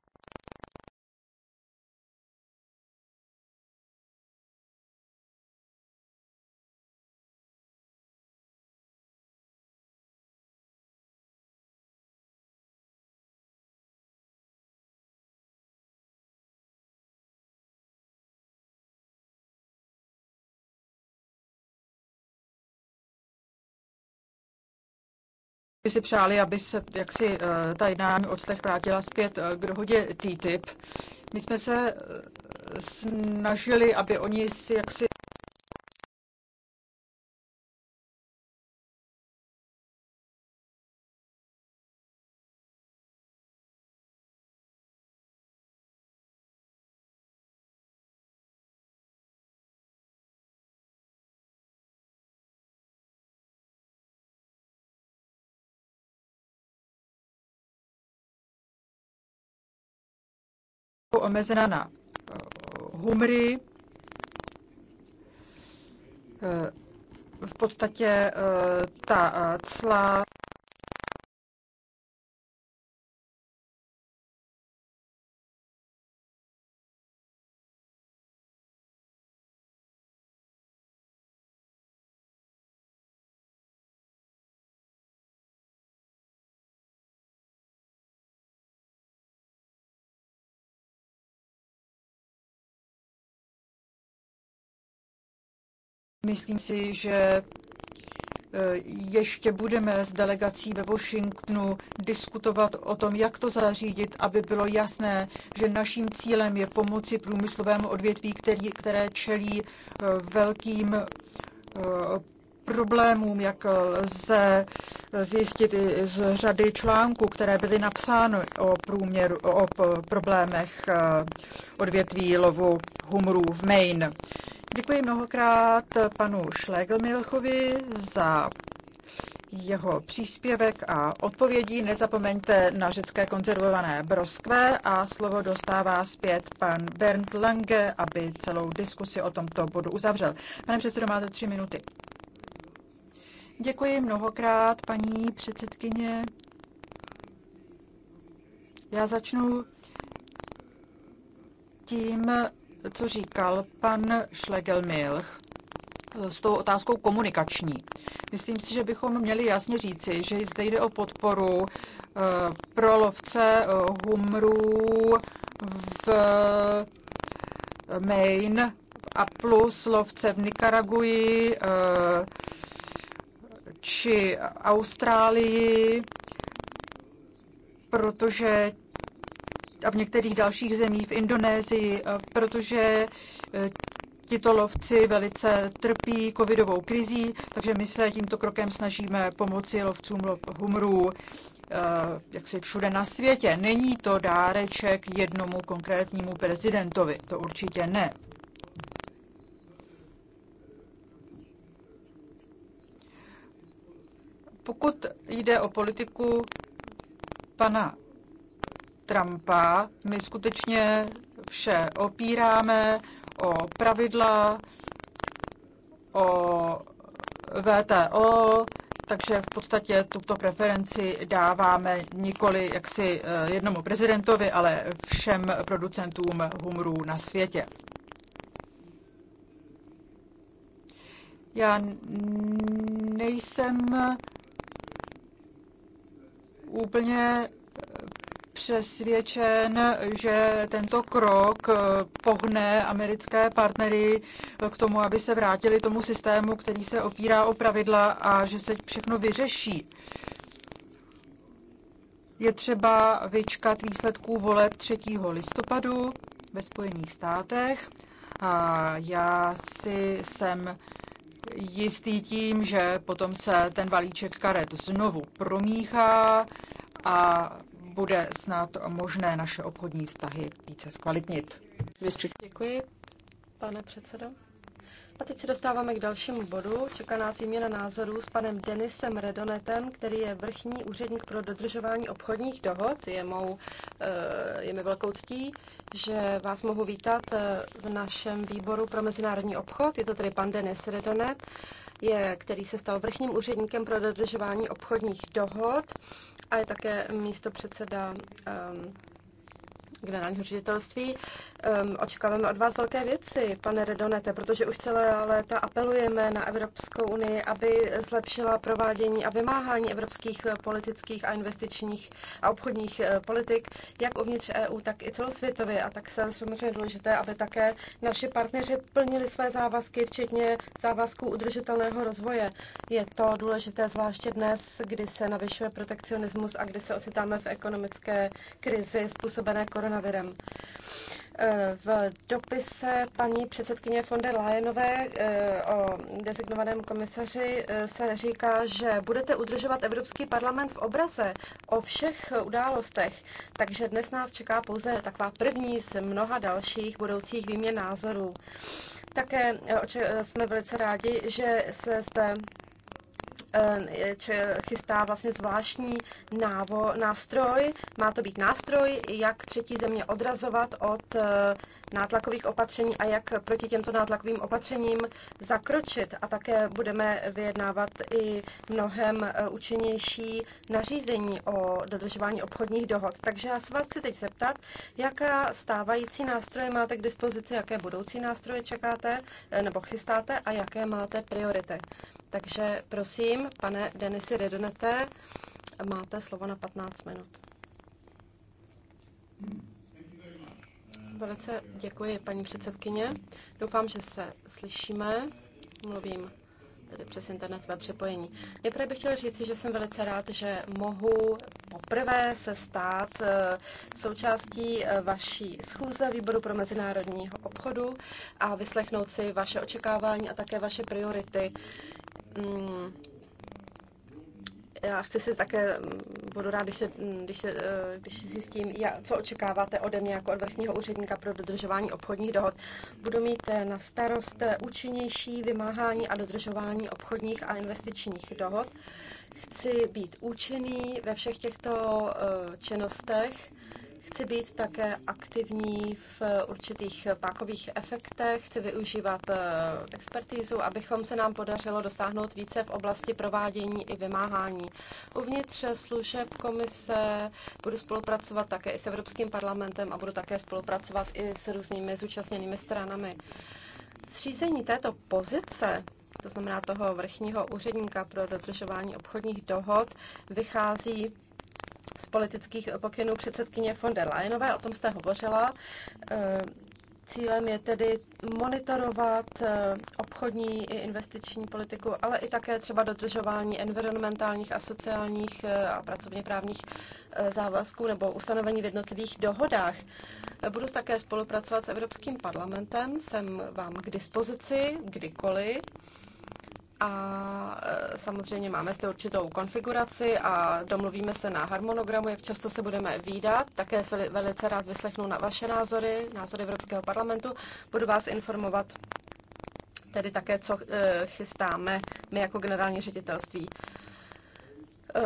by si přáli, aby se jaksi eh, ta jednání odslech vrátila zpět eh, k dohodě TTIP. My jsme se eh, snažili, aby oni si jaksi omezena na eh, humry. Eh, v podstatě eh, ta cla Myslím si, že eh, ještě budeme s delegací ve Washingtonu diskutovat o tom, jak to zařídit, aby bylo jasné, že naším cílem je pomoci průmyslovému odvětví, který, které čelí eh, velkým eh, problémům, jak lze zjistit i z řady článků, které byly napsány o, průměru, o problémech eh, odvětví lovu humrů v Maine. Děkuji mnohokrát panu Šlegelmilchovi za jeho příspěvek a odpovědí. Nezapomeňte na řecké konzervované broskve a slovo dostává zpět pan Bernd Lange, aby celou diskusi o tomto bodu uzavřel. Pane předsedo, máte tři minuty. Děkuji mnohokrát, paní předsedkyně. Já začnu tím, co říkal pan Schlegelmilch s tou otázkou komunikační. Myslím si, že bychom měli jasně říci, že zde jde o podporu eh, pro lovce eh, humrů v eh, Maine a plus lovce v Nikaraguji, vůči Austrálii, protože a v některých dalších zemích, v Indonésii, protože e, tito lovci velice trpí covidovou krizí, takže my se tímto krokem snažíme pomoci lovcům humrů e, si všude na světě. Není to dáreček jednomu konkrétnímu prezidentovi, to určitě ne. Pokud jde o politiku pana Trumpa, my skutečně vše opíráme o pravidla, o VTO, takže v podstatě tuto preferenci dáváme nikoli jaksi eh, jednomu prezidentovi, ale všem producentům humorů na světě. Já nejsem úplně eh, přesvědčen, že tento krok eh, pohne americké partnery eh, k tomu, aby se vrátili tomu systému, který se opírá o pravidla a že se všechno vyřeší. Je třeba vyčkat výsledků voleb 3. listopadu ve Spojených státech. A já si jsem jistý tím, že potom se ten balíček karet znovu promíchá a bude snad možné naše obchodní vztahy více zkvalitnit. Děkuji,
pane předsedo. A teď se dostáváme k dalšímu bodu. Čeká nás výměna názorů s panem Denisem Redonetem, který je vrchní úředník pro dodržování obchodních dohod. Je, mou, eh, je mi velkou ctí, že vás mohu vítat eh, v našem výboru pro mezinárodní obchod. Je to tedy pan Denis Redonet, je, který se stal vrchním úředníkem pro dodržování obchodních dohod a je také místo předseda um, ehm, generálního ředitelství. Um, očekáváme od vás velké věci, pane Redonete, protože už celé léta apelujeme na Evropskou unii, aby zlepšila provádění a vymáhání evropských eh, politických a investičních a obchodních eh, politik, jak uvnitř EU, tak i celosvětově. A tak se samozřejmě důležité, aby také naši partneři plnili své závazky, včetně závazků udržitelného rozvoje. Je to důležité zvláště dnes, kdy se navyšuje protekcionismus a kdy se ocitáme v ekonomické krizi způsobené koronavirusem koronavirem. Eh, v dopise paní předsedkyně von der Leyenové eh, o designovaném komisaři eh, se říká, že budete udržovat Evropský parlament v obraze o všech událostech, takže dnes nás čeká pouze taková první z mnoha dalších budoucích výměn názorů. Také jsme velice rádi, že se zde Eh, chystá vlastně zvláštní návo, nástroj. Má to být nástroj, jak třetí země odrazovat od eh, nátlakových opatření a jak proti těmto nátlakovým opatřením zakročit. A také budeme vyjednávat i mnohem eh, účinnější nařízení o dodržování obchodních dohod. Takže já se vás chci teď zeptat, jaká stávající nástroje máte k dispozici, jaké budoucí nástroje čekáte nebo chystáte a jaké máte priority. Takže prosím, pane Denisi Redonete, máte slovo na 15 minut. Velice děkuji, paní předsedkyně. Doufám, že se slyšíme. Mluvím tedy přes ve přepojení. Nejprve bych chtěla říci, že jsem velice rád, že mohu poprvé se stát eh, součástí eh, vaší schůze výboru pro mezinárodní obchodu a vyslechnout si vaše očekávání a také vaše priority. Hmm já chci se také, mm, budu rád, když, se, mm, když, se, eh, když si Já, co očekáváte ode mě jako od vrchního úředníka pro dodržování obchodních dohod. Budu mít eh, na starost eh, účinnější vymáhání a dodržování obchodních a investičních dohod. Chci být účinný ve všech těchto činnostech Chci být také aktivní v určitých pákových efektech, chci využívat eh, expertízu, abychom se nám podařilo dosáhnout více v oblasti provádění i vymáhání. Uvnitř služeb komise budu spolupracovat také i s Evropským parlamentem a budu také spolupracovat i s různými zúčastněnými stranami. Zřízení této pozice to znamená toho vrchního úředníka pro dodržování obchodních dohod, vychází z politických pokynů předsedkyně von der Leyenové, o tom jste hovořila. Eh, cílem je tedy monitorovat eh, obchodní i investiční politiku, ale i také třeba dodržování environmentálních a sociálních eh, a pracovně právních závazků nebo ustanovení v jednotlivých dohodách. Budu také spolupracovat s Evropským parlamentem, jsem vám k dispozici kdykoliv a e, samozřejmě máme zde určitou konfiguraci a domluvíme se na harmonogramu, jak často se budeme výdat. Také se velice rád vyslechnu na vaše názory, názory Evropského parlamentu. Budu vás informovat tedy také, co e, chystáme my jako generální ředitelství. E,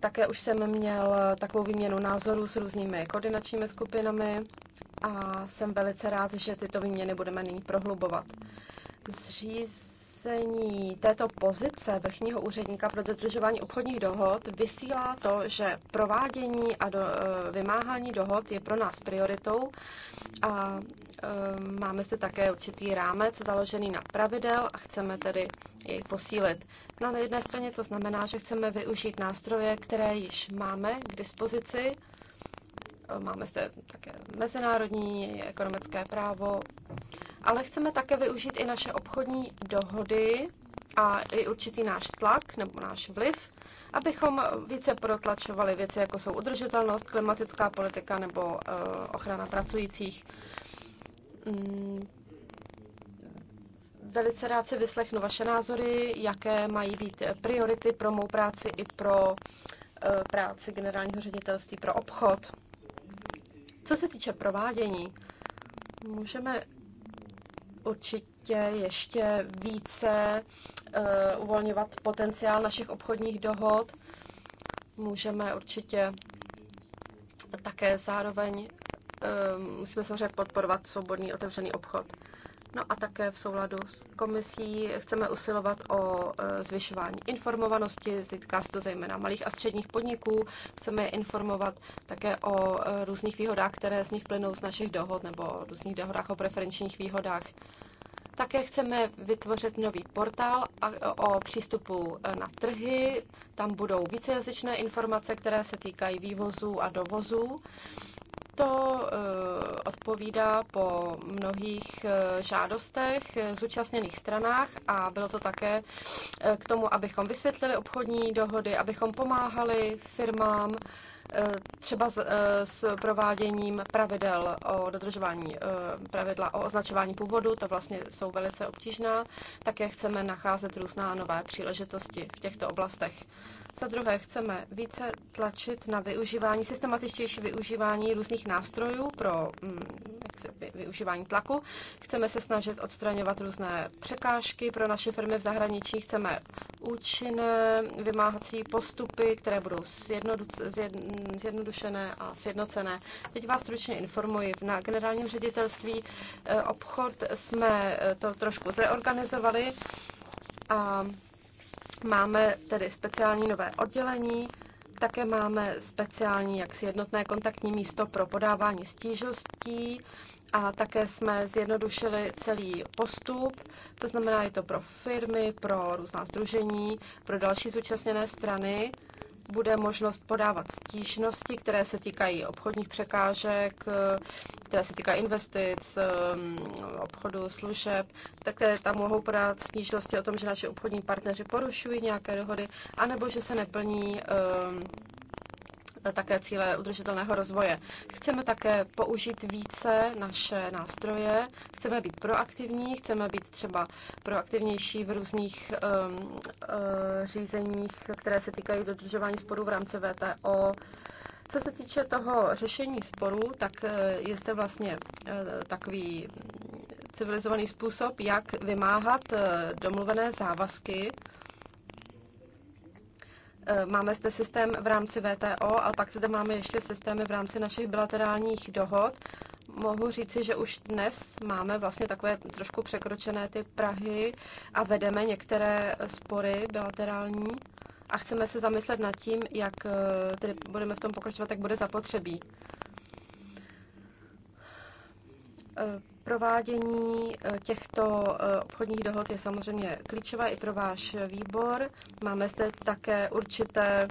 také už jsem měl takovou výměnu názorů s různými koordinačními skupinami a jsem velice rád, že tyto výměny budeme nyní prohlubovat. Zřízení této pozice vrchního úředníka pro dodržování obchodních dohod vysílá to, že provádění a do, e, vymáhání dohod je pro nás prioritou a e, máme se také určitý rámec založený na pravidel a chceme tedy jej posílit. No, na jedné straně to znamená, že chceme využít nástroje, které již máme k dispozici, máme zde také mezinárodní ekonomické právo, ale chceme také využít i naše obchodní dohody a i určitý náš tlak nebo náš vliv, abychom více protlačovali věci, jako jsou udržitelnost, klimatická politika nebo eh, ochrana pracujících. Mm. Velice rád si vyslechnu vaše názory, jaké mají být priority pro mou práci i pro eh, práci generálního ředitelství pro obchod. Co se týče provádění, můžeme určitě ještě více uh, uvolňovat potenciál našich obchodních dohod. Můžeme určitě také zároveň, uh, musíme samozřejmě podporovat svobodný otevřený obchod. No a také v souladu s komisí chceme usilovat o e, zvyšování informovanosti, týká se to zejména malých a středních podniků. Chceme je informovat také o e, různých výhodách, které z nich plynou z našich dohod nebo o různých dohodách o preferenčních výhodách. Také chceme vytvořit nový portál e, o přístupu na trhy. Tam budou vícejazyčné informace, které se týkají vývozu a dovozu. To eh, odpovídá po mnohých eh, žádostech eh, zúčastněných stranách a bylo to také k tomu, abychom vysvětlili obchodní dohody, abychom pomáhali firmám třeba s, s prováděním pravidel o dodržování pravidla o označování původu, to vlastně jsou velice obtížná, také chceme nacházet různá nové příležitosti v těchto oblastech. Za druhé, chceme více tlačit na využívání, systematičtější využívání různých nástrojů pro mm, využívání tlaku. Chceme se snažit odstraňovat různé překážky pro naše firmy v zahraničí. Chceme účinné vymáhací postupy, které budou zjednodušené a sjednocené. Teď vás stručně informuji. Na generálním ředitelství eh, obchod jsme eh, to trošku zreorganizovali a Máme tedy speciální nové oddělení, také máme speciální jaksi jednotné kontaktní místo pro podávání stížností, a také jsme zjednodušili celý postup, to znamená je to pro firmy, pro různá združení, pro další zúčastněné strany bude možnost podávat stížnosti, které se týkají obchodních překážek, které se týkají investic, um, obchodu, služeb, které tam mohou podat stížnosti o tom, že naši obchodní partneři porušují nějaké dohody, anebo že se neplní um, také cíle udržitelného rozvoje. Chceme také použít více naše nástroje, chceme být proaktivní, chceme být třeba proaktivnější v různých um, uh, řízeních, které se týkají dodržování sporů v rámci VTO. Co se týče toho řešení sporů, tak eh, je zde vlastně eh, takový civilizovaný způsob, jak vymáhat eh, domluvené závazky Eh, máme zde systém v rámci VTO, ale pak zde máme ještě systémy v rámci našich bilaterálních dohod. Mohu říci, že už dnes máme vlastně takové trošku překročené ty Prahy a vedeme některé eh, spory bilaterální a chceme se zamyslet nad tím, jak eh, tedy budeme v tom pokračovat, jak bude zapotřebí Provádění eh, těchto eh, obchodních dohod je samozřejmě klíčové i pro váš výbor. Máme zde také určité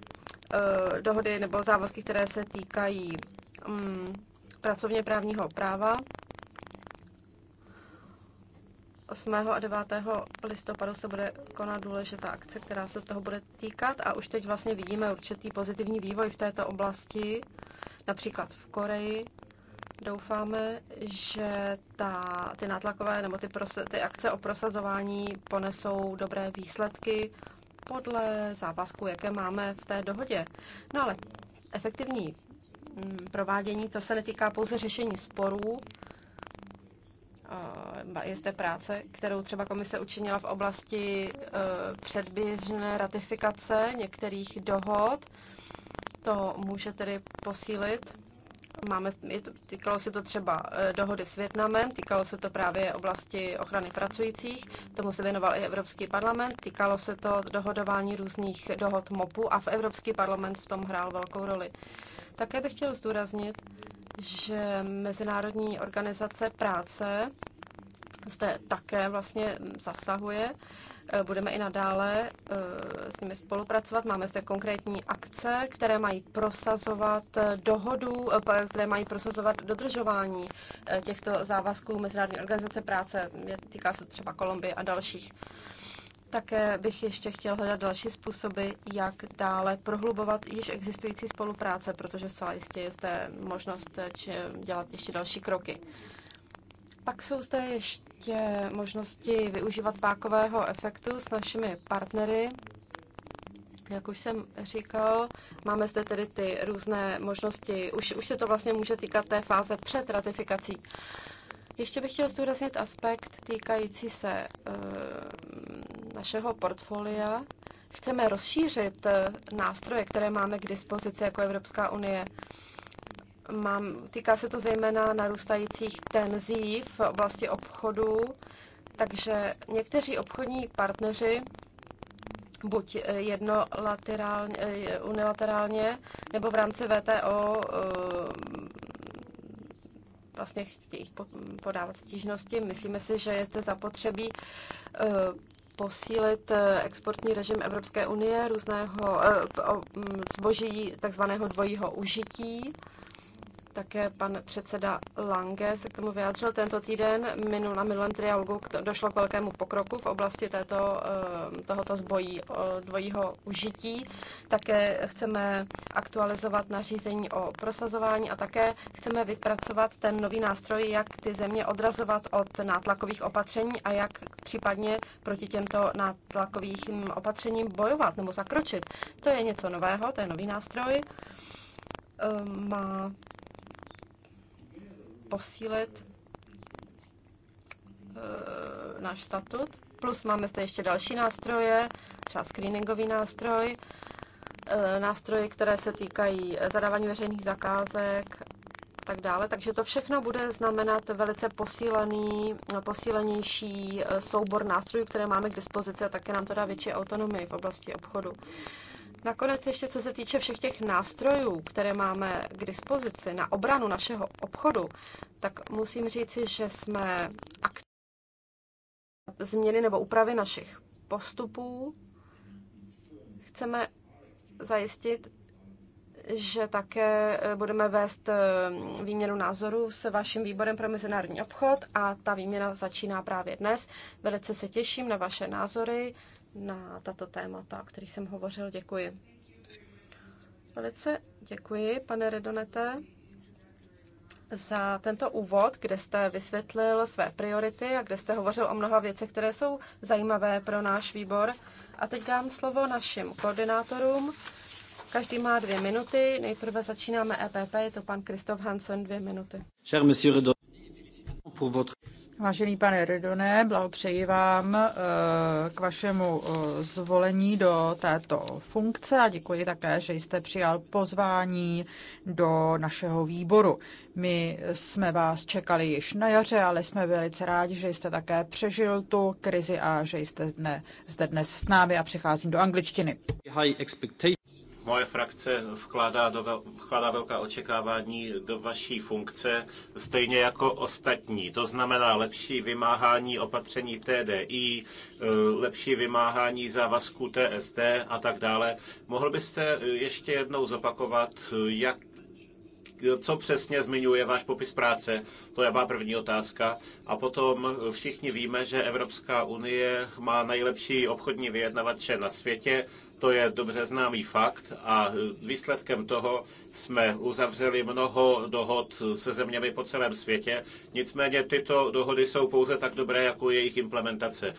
eh, dohody nebo závazky, které se týkají mm, pracovně právního práva. 8. a 9. listopadu se bude konat důležitá akce, která se toho bude týkat a už teď vlastně vidíme určitý pozitivní vývoj v této oblasti, například v Koreji, Doufáme, že ta, ty nátlakové nebo ty, prose, ty akce o prosazování ponesou dobré výsledky podle závazku, jaké máme v té dohodě. No ale efektivní mm, provádění, to se netýká pouze řešení sporů, je zde práce, kterou třeba komise učinila v oblasti e, předběžné ratifikace některých dohod. To může tedy posílit Máme, týkalo se to třeba eh, dohody s Větnamem, týkalo se to právě oblasti ochrany pracujících, tomu se věnoval i Evropský parlament, týkalo se to dohodování různých dohod MOPu a v Evropský parlament v tom hrál velkou roli. Také bych chtěl zdůraznit, že Mezinárodní organizace práce zde také vlastně zasahuje. Eh, budeme i nadále eh, s nimi spolupracovat. Máme zde konkrétní akce, které mají prosazovat eh, dohodu, které mají prosazovat dodržování těchto závazků Mezinárodní organizace práce. Týká se třeba Kolumbie a dalších. Také bych ještě chtěl hledat další způsoby, jak dále prohlubovat již existující spolupráce, protože zcela jistě je zde možnost dělat ještě další kroky. Pak jsou zde ještě možnosti využívat pákového efektu s našimi partnery. Jak už jsem říkal, máme zde tedy ty různé možnosti. Už, už se to vlastně může týkat té fáze před ratifikací. Ještě bych chtěl zdůraznit aspekt týkající se e, našeho portfolia. Chceme rozšířit eh, nástroje, které máme k dispozici jako Evropská unie. E, Mám, týká se to zejména narůstajících tenzí v oblasti obchodu, takže někteří obchodní partneři buď eh, jednolaterálně, eh, unilaterálně, nebo v rámci VTO eh, vlastně chtějí podávat stížnosti. Myslíme si, že je zde zapotřebí posílit exportní režim Evropské unie různého zboží takzvaného dvojího užití. Také pan předseda Lange se k tomu vyjádřil tento týden. Minul, na minulém trialogu došlo k velkému pokroku v oblasti této, ehm, tohoto zbojí dvojího užití. Také chceme aktualizovat nařízení o prosazování a také chceme vypracovat ten nový nástroj, jak ty země odrazovat od nátlakových opatření a jak případně proti těmto nátlakovým opatřením bojovat nebo zakročit. To je něco nového, to je nový nástroj. Ehm, má posílit e, náš statut. Plus máme zde ještě další nástroje, třeba screeningový nástroj, e, nástroje, které se týkají zadávání veřejných zakázek a tak dále. Takže to všechno bude znamenat velice posílený, posílenější eh, soubor nástrojů, které máme k dispozici a také nám to dá větší autonomii v oblasti obchodu. Nakonec ještě co se týče všech těch nástrojů, které máme k dispozici na obranu našeho obchodu, tak musím říci, že jsme změny nebo úpravy našich postupů. Chceme zajistit, že také eh, budeme vést eh, výměnu názorů s vaším výborem pro mezinárodní obchod a ta výměna začíná právě dnes. Velice se těším na vaše názory na tato témata, o kterých jsem hovořil. Děkuji. Velice děkuji, pane Redonete, za tento úvod, kde jste vysvětlil své priority a kde jste hovořil o mnoha věcech, které jsou zajímavé pro náš výbor. A teď dám slovo našim koordinátorům. Každý má dvě minuty. Nejprve začínáme EPP, je to pan Kristof Hansen, dvě minuty.
Vážený pane Redone,
blahopřeji vám eh, k vašemu eh, zvolení
do této funkce a děkuji také, že jste přijal pozvání do našeho výboru. My jsme vás čekali již na jaře, ale jsme velice rádi, že jste také přežil tu krizi a že jste dne, zde dnes s námi a přecházím do angličtiny.
High Moje frakce vkládá, do, vkládá velká očekávání do vaší funkce, stejně jako ostatní. To znamená lepší vymáhání opatření TDI, e, lepší vymáhání závazků TSD a tak dále. Mohl byste ještě jednou zopakovat, jak co přesně zmiňuje váš popis práce? To je má první otázka. A potom všichni víme, že Evropská unie má nejlepší obchodní vyjednavače na světě, to je dobře známý fakt a výsledkem toho jsme uzavřeli mnoho dohod se zeměmi po celém světě. Nicméně tyto dohody jsou pouze tak dobré, jako jejich implementace.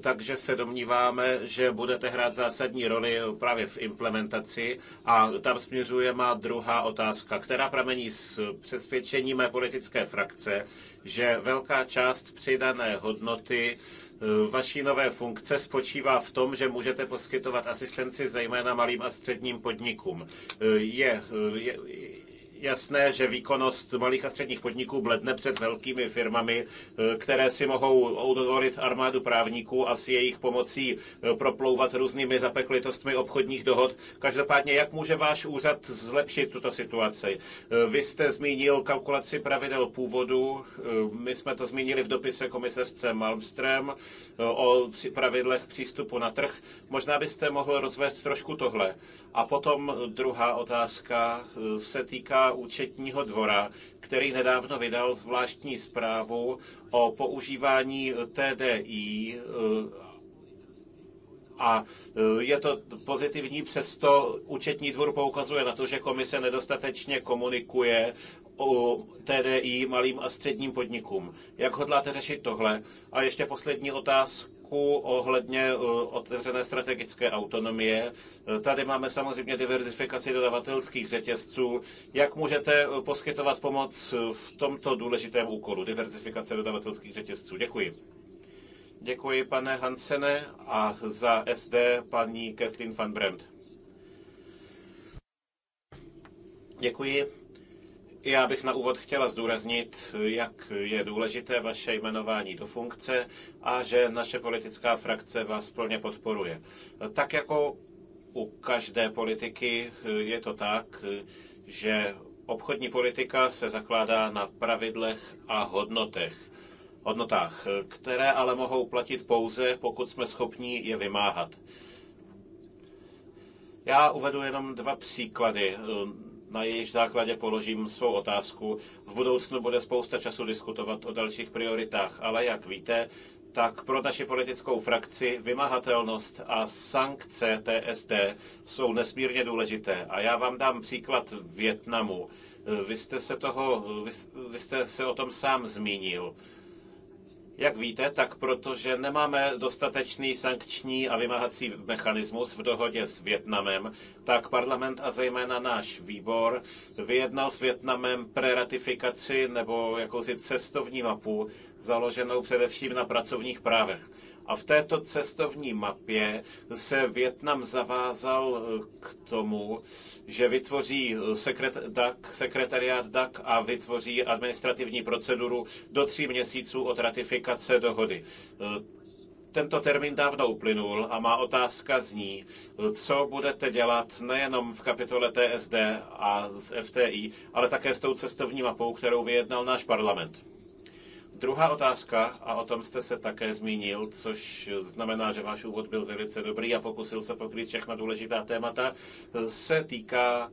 Takže se domníváme, že budete hrát zásadní roli právě v implementaci a tam směřuje má druhá otázka, která pramení z přesvědčení mé politické frakce, že velká část přidané hodnoty e, vaší nové funkce spočívá v tom, že můžete poskytovat asistenci konkurenci zejména malým a středním podnikům. Eh, je, eh, je, jasné, že výkonnost malých a středních podniků bledne před velkými firmami, eh, které si mohou odvolit armádu právníků a s jejich pomocí eh, proplouvat různými zapeklitostmi obchodních dohod. Každopádně, jak může váš úřad zlepšit tuto situaci? Eh, vy jste zmínil kalkulaci pravidel původu, my jsme to zmínili v dopise komisařce Malmström o pravidlech přístupu na trh. Možná byste mohl rozvést trošku tohle. A potom druhá otázka se týká účetního dvora, který nedávno vydal zvláštní zprávu o používání TDI eh, a eh, je to pozitivní, přesto účetní dvůr poukazuje na to, že komise nedostatečně komunikuje o TDI malým a středním podnikům. Jak hodláte řešit tohle? A ještě poslední otázka kroků ohledně eh, otevřené strategické autonomie. Eh, tady máme samozřejmě diverzifikaci dodavatelských řetězců. Jak můžete eh, poskytovat pomoc v tomto důležitém úkolu, diverzifikace dodavatelských řetězců? Děkuji. Děkuji, pane Hansene, a za SD paní Kathleen van Brandt. Děkuji. Já bych na úvod chtěla zdůraznit, jak je důležité vaše jmenování do funkce a že naše politická frakce vás plně podporuje. Tak jako u každé politiky je to tak, že obchodní politika se zakládá na pravidlech a hodnotech. Hodnotách, které ale mohou platit pouze, pokud jsme schopni je vymáhat. Já uvedu jenom dva příklady na jejich základě položím svou otázku. V budoucnu bude spousta času diskutovat o dalších prioritách, ale jak víte, tak pro naši politickou frakci vymahatelnost a sankce TST jsou nesmírně důležité. A já vám dám příklad Větnamu. Vy jste se, toho, vy, vy jste se o tom sám zmínil. Jak víte, tak protože nemáme dostatečný sankční a vymáhací mechanismus v dohodě s Větnamem, tak parlament a zejména náš výbor vyjednal s Větnamem preratifikaci nebo jakousi cestovní mapu, založenou především na pracovních právech. A v této cestovní mapě se Větnam zavázal eh, k tomu, že vytvoří eh, sekret, DAC, sekretariát DAC a vytvoří administrativní proceduru do tří měsíců od ratifikace dohody. Eh, tento termín dávno uplynul a má otázka zní, co budete dělat nejenom v kapitole TSD a z FTI, ale také s tou cestovní mapou, kterou vyjednal náš parlament. Druhá otázka, a o tom jste se také zmínil, což znamená, že váš úvod byl velice dobrý a pokusil se pokrýt všechna důležitá témata, se týká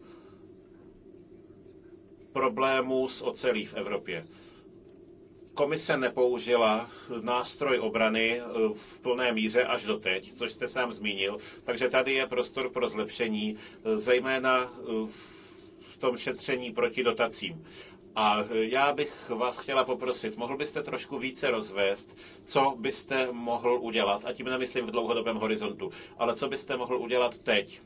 problémů s ocelí v Evropě. Komise nepoužila nástroj obrany eh, v plné míře až doteď, což jste sám zmínil, takže tady je prostor pro zlepšení, eh, zejména eh, v tom šetření proti dotacím. A eh, já bych vás chtěla poprosit, mohl byste trošku více rozvést, co byste mohl udělat, a tím nemyslím v dlouhodobém horizontu, ale co byste mohl udělat teď?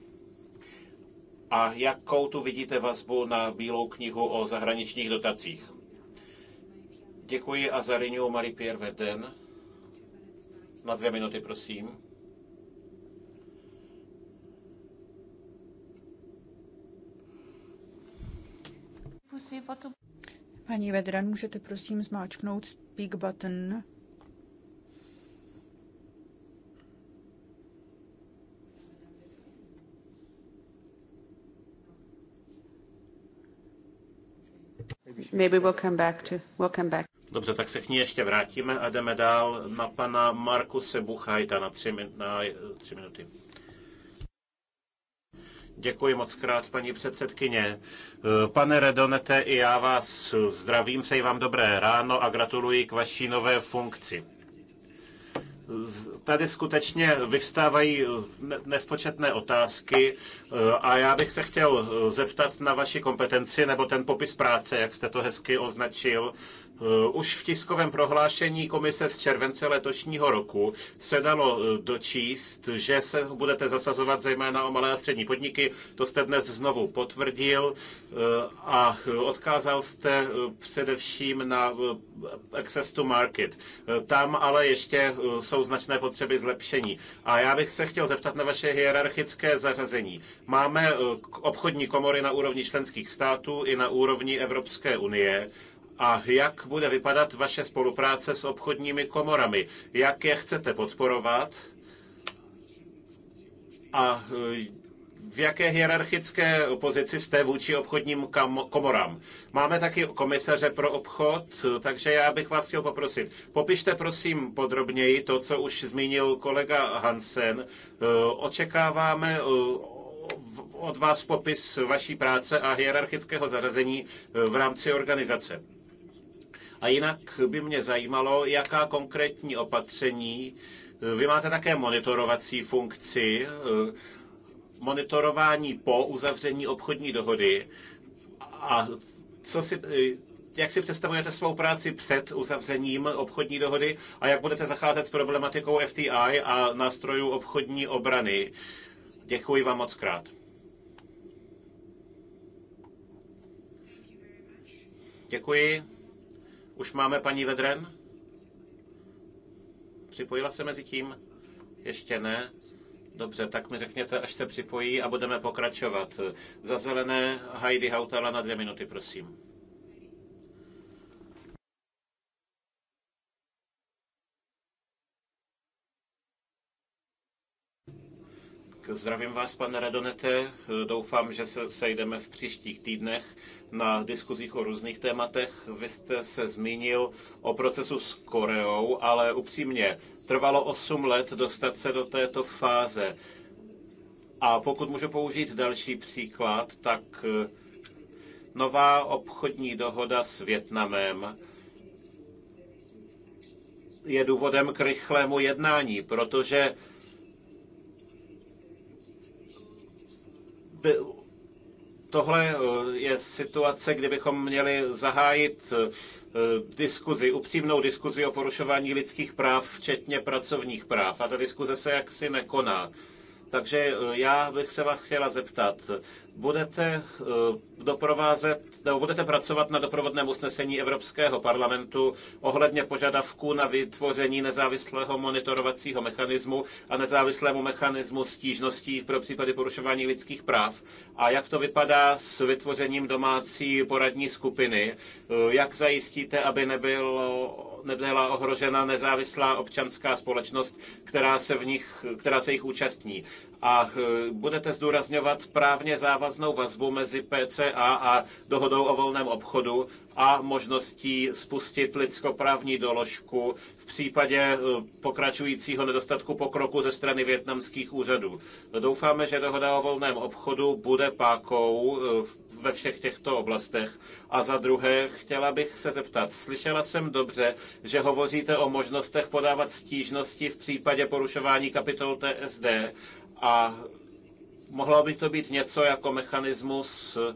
A jakou tu vidíte vazbu na Bílou knihu o zahraničních dotacích? Děkuji a za Rinu Marie-Pierre Verden. Na dvě minuty, prosím.
Paní Vedran, můžete prosím zmáčknout speak button? Maybe we'll come back to, we'll come back.
Dobře, tak se k ní ještě vrátíme a jdeme dál na pana Markuse Buchajta na tři, na tři minuty. Děkuji moc krát, paní předsedkyně. Pane Redonete, i já vás zdravím, přeji vám dobré ráno a gratuluji k vaší nové funkci tady skutečně vyvstávají nespočetné otázky eh, a já bych se chtěl eh, zeptat na vaši kompetenci nebo ten popis práce, jak jste to hezky označil, Eh, už v tiskovém prohlášení komise z července letošního roku se dalo eh, dočíst, že se budete zasazovat zejména o malé a střední podniky. To jste dnes znovu potvrdil eh, a odkázal jste především na access to market. Tam ale ještě jsou značné potřeby zlepšení. A já bych se chtěl zeptat na vaše hierarchické zařazení. Máme obchodní komory na úrovni členských států i na úrovni Evropské unie a jak bude vypadat vaše spolupráce s obchodními komorami, jak je chcete podporovat a eh, v jaké hierarchické pozici jste vůči obchodním komorám. Máme taky komisaře pro obchod, takže já bych vás chtěl poprosit. Popište prosím podrobněji to, co už zmínil kolega Hansen. Eh, očekáváme eh, od vás popis vaší práce a hierarchického zařazení v rámci organizace. A jinak by mě zajímalo, jaká konkrétní opatření, eh, vy máte také monitorovací funkci, eh, monitorování po uzavření obchodní dohody a co si, eh, jak si představujete svou práci před uzavřením obchodní dohody a jak budete zacházet s problematikou FTI a nástrojů obchodní obrany. Děkuji vám moc krát. Děkuji. Už máme paní Vedren? Připojila se mezi tím? Ještě ne. Dobře, tak mi řekněte, až se připojí a budeme pokračovat. Za zelené Heidi Hautala na dvě minuty, prosím. zdravím vás, pane Radonete. Doufám, že se sejdeme v příštích týdnech na diskuzích o různých tématech. Vy jste se zmínil o procesu s Koreou, ale upřímně, trvalo 8 let dostat se do této fáze. A pokud můžu použít další příklad, tak eh, nová obchodní dohoda s Větnamem je důvodem k rychlému jednání, protože Tohle eh, je situace, kdybychom měli zahájit eh, diskuzi, upřímnou diskuzi o porušování lidských práv, včetně pracovních práv. A ta diskuze se jaksi nekoná. Takže eh, já bych se vás chtěla zeptat, budete eh, doprovázet, nebo budete pracovat na doprovodném usnesení Evropského parlamentu ohledně požadavků na vytvoření nezávislého monitorovacího mechanismu a nezávislému mechanismu stížností pro případy porušování lidských práv. A jak to vypadá s vytvořením domácí poradní skupiny? Eh, jak zajistíte, aby nebyl nebyla ohrožena nezávislá občanská společnost, která se, v nich, která se jich účastní? a eh, budete zdůrazňovat právně závaznou vazbu mezi PCA a dohodou o volném obchodu a možností spustit lidskoprávní doložku v případě eh, pokračujícího nedostatku pokroku ze strany větnamských úřadů. Doufáme, že dohoda o volném obchodu bude pákou eh, ve všech těchto oblastech. A za druhé, chtěla bych se zeptat, slyšela jsem dobře, že hovoříte o možnostech podávat stížnosti v případě porušování kapitol TSD a mohlo by to být něco jako mechanismus eh,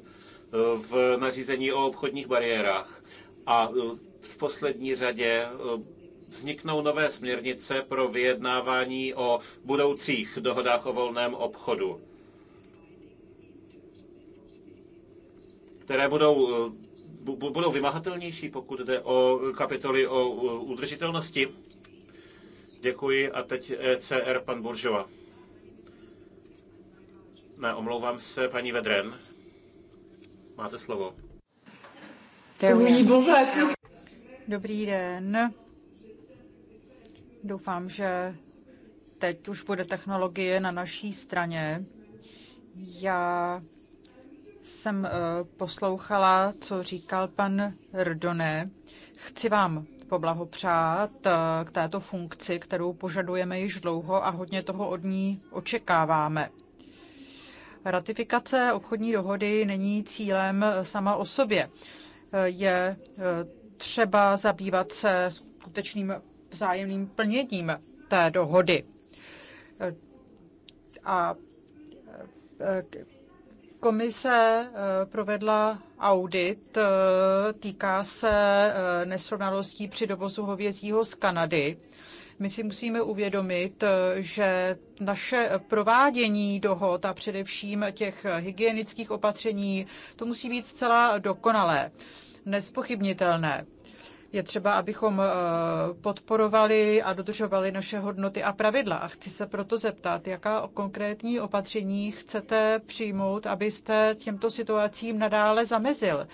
v nařízení o obchodních bariérách. A eh, v poslední řadě eh, vzniknou nové směrnice pro vyjednávání o budoucích dohodách o volném obchodu, které budou, budou vymahatelnější, pokud jde o kapitoly o udržitelnosti. Děkuji a teď ECR pan Buržova. Ne, omlouvám se, paní Vedren. Máte slovo.
Dobrý den. Doufám, že teď už bude technologie na naší straně. Já jsem eh, poslouchala, co říkal pan Rdone. Chci vám poblahopřát eh, k této funkci, kterou požadujeme již dlouho a hodně toho od ní očekáváme. Ratifikace obchodní dohody není cílem sama o sobě. Je e, třeba zabývat se skutečným vzájemným plněním té dohody. E, a e, komise provedla audit, týká se nesrovnalostí při dovozu hovězího z Kanady. My si musíme uvědomit, eh, že naše provádění dohod a především těch hygienických opatření, to musí být zcela dokonalé, nespochybnitelné. Je třeba, abychom eh, podporovali a dodržovali naše hodnoty a pravidla. A chci se proto zeptat, jaká konkrétní opatření chcete přijmout, abyste těmto situacím nadále zamezil.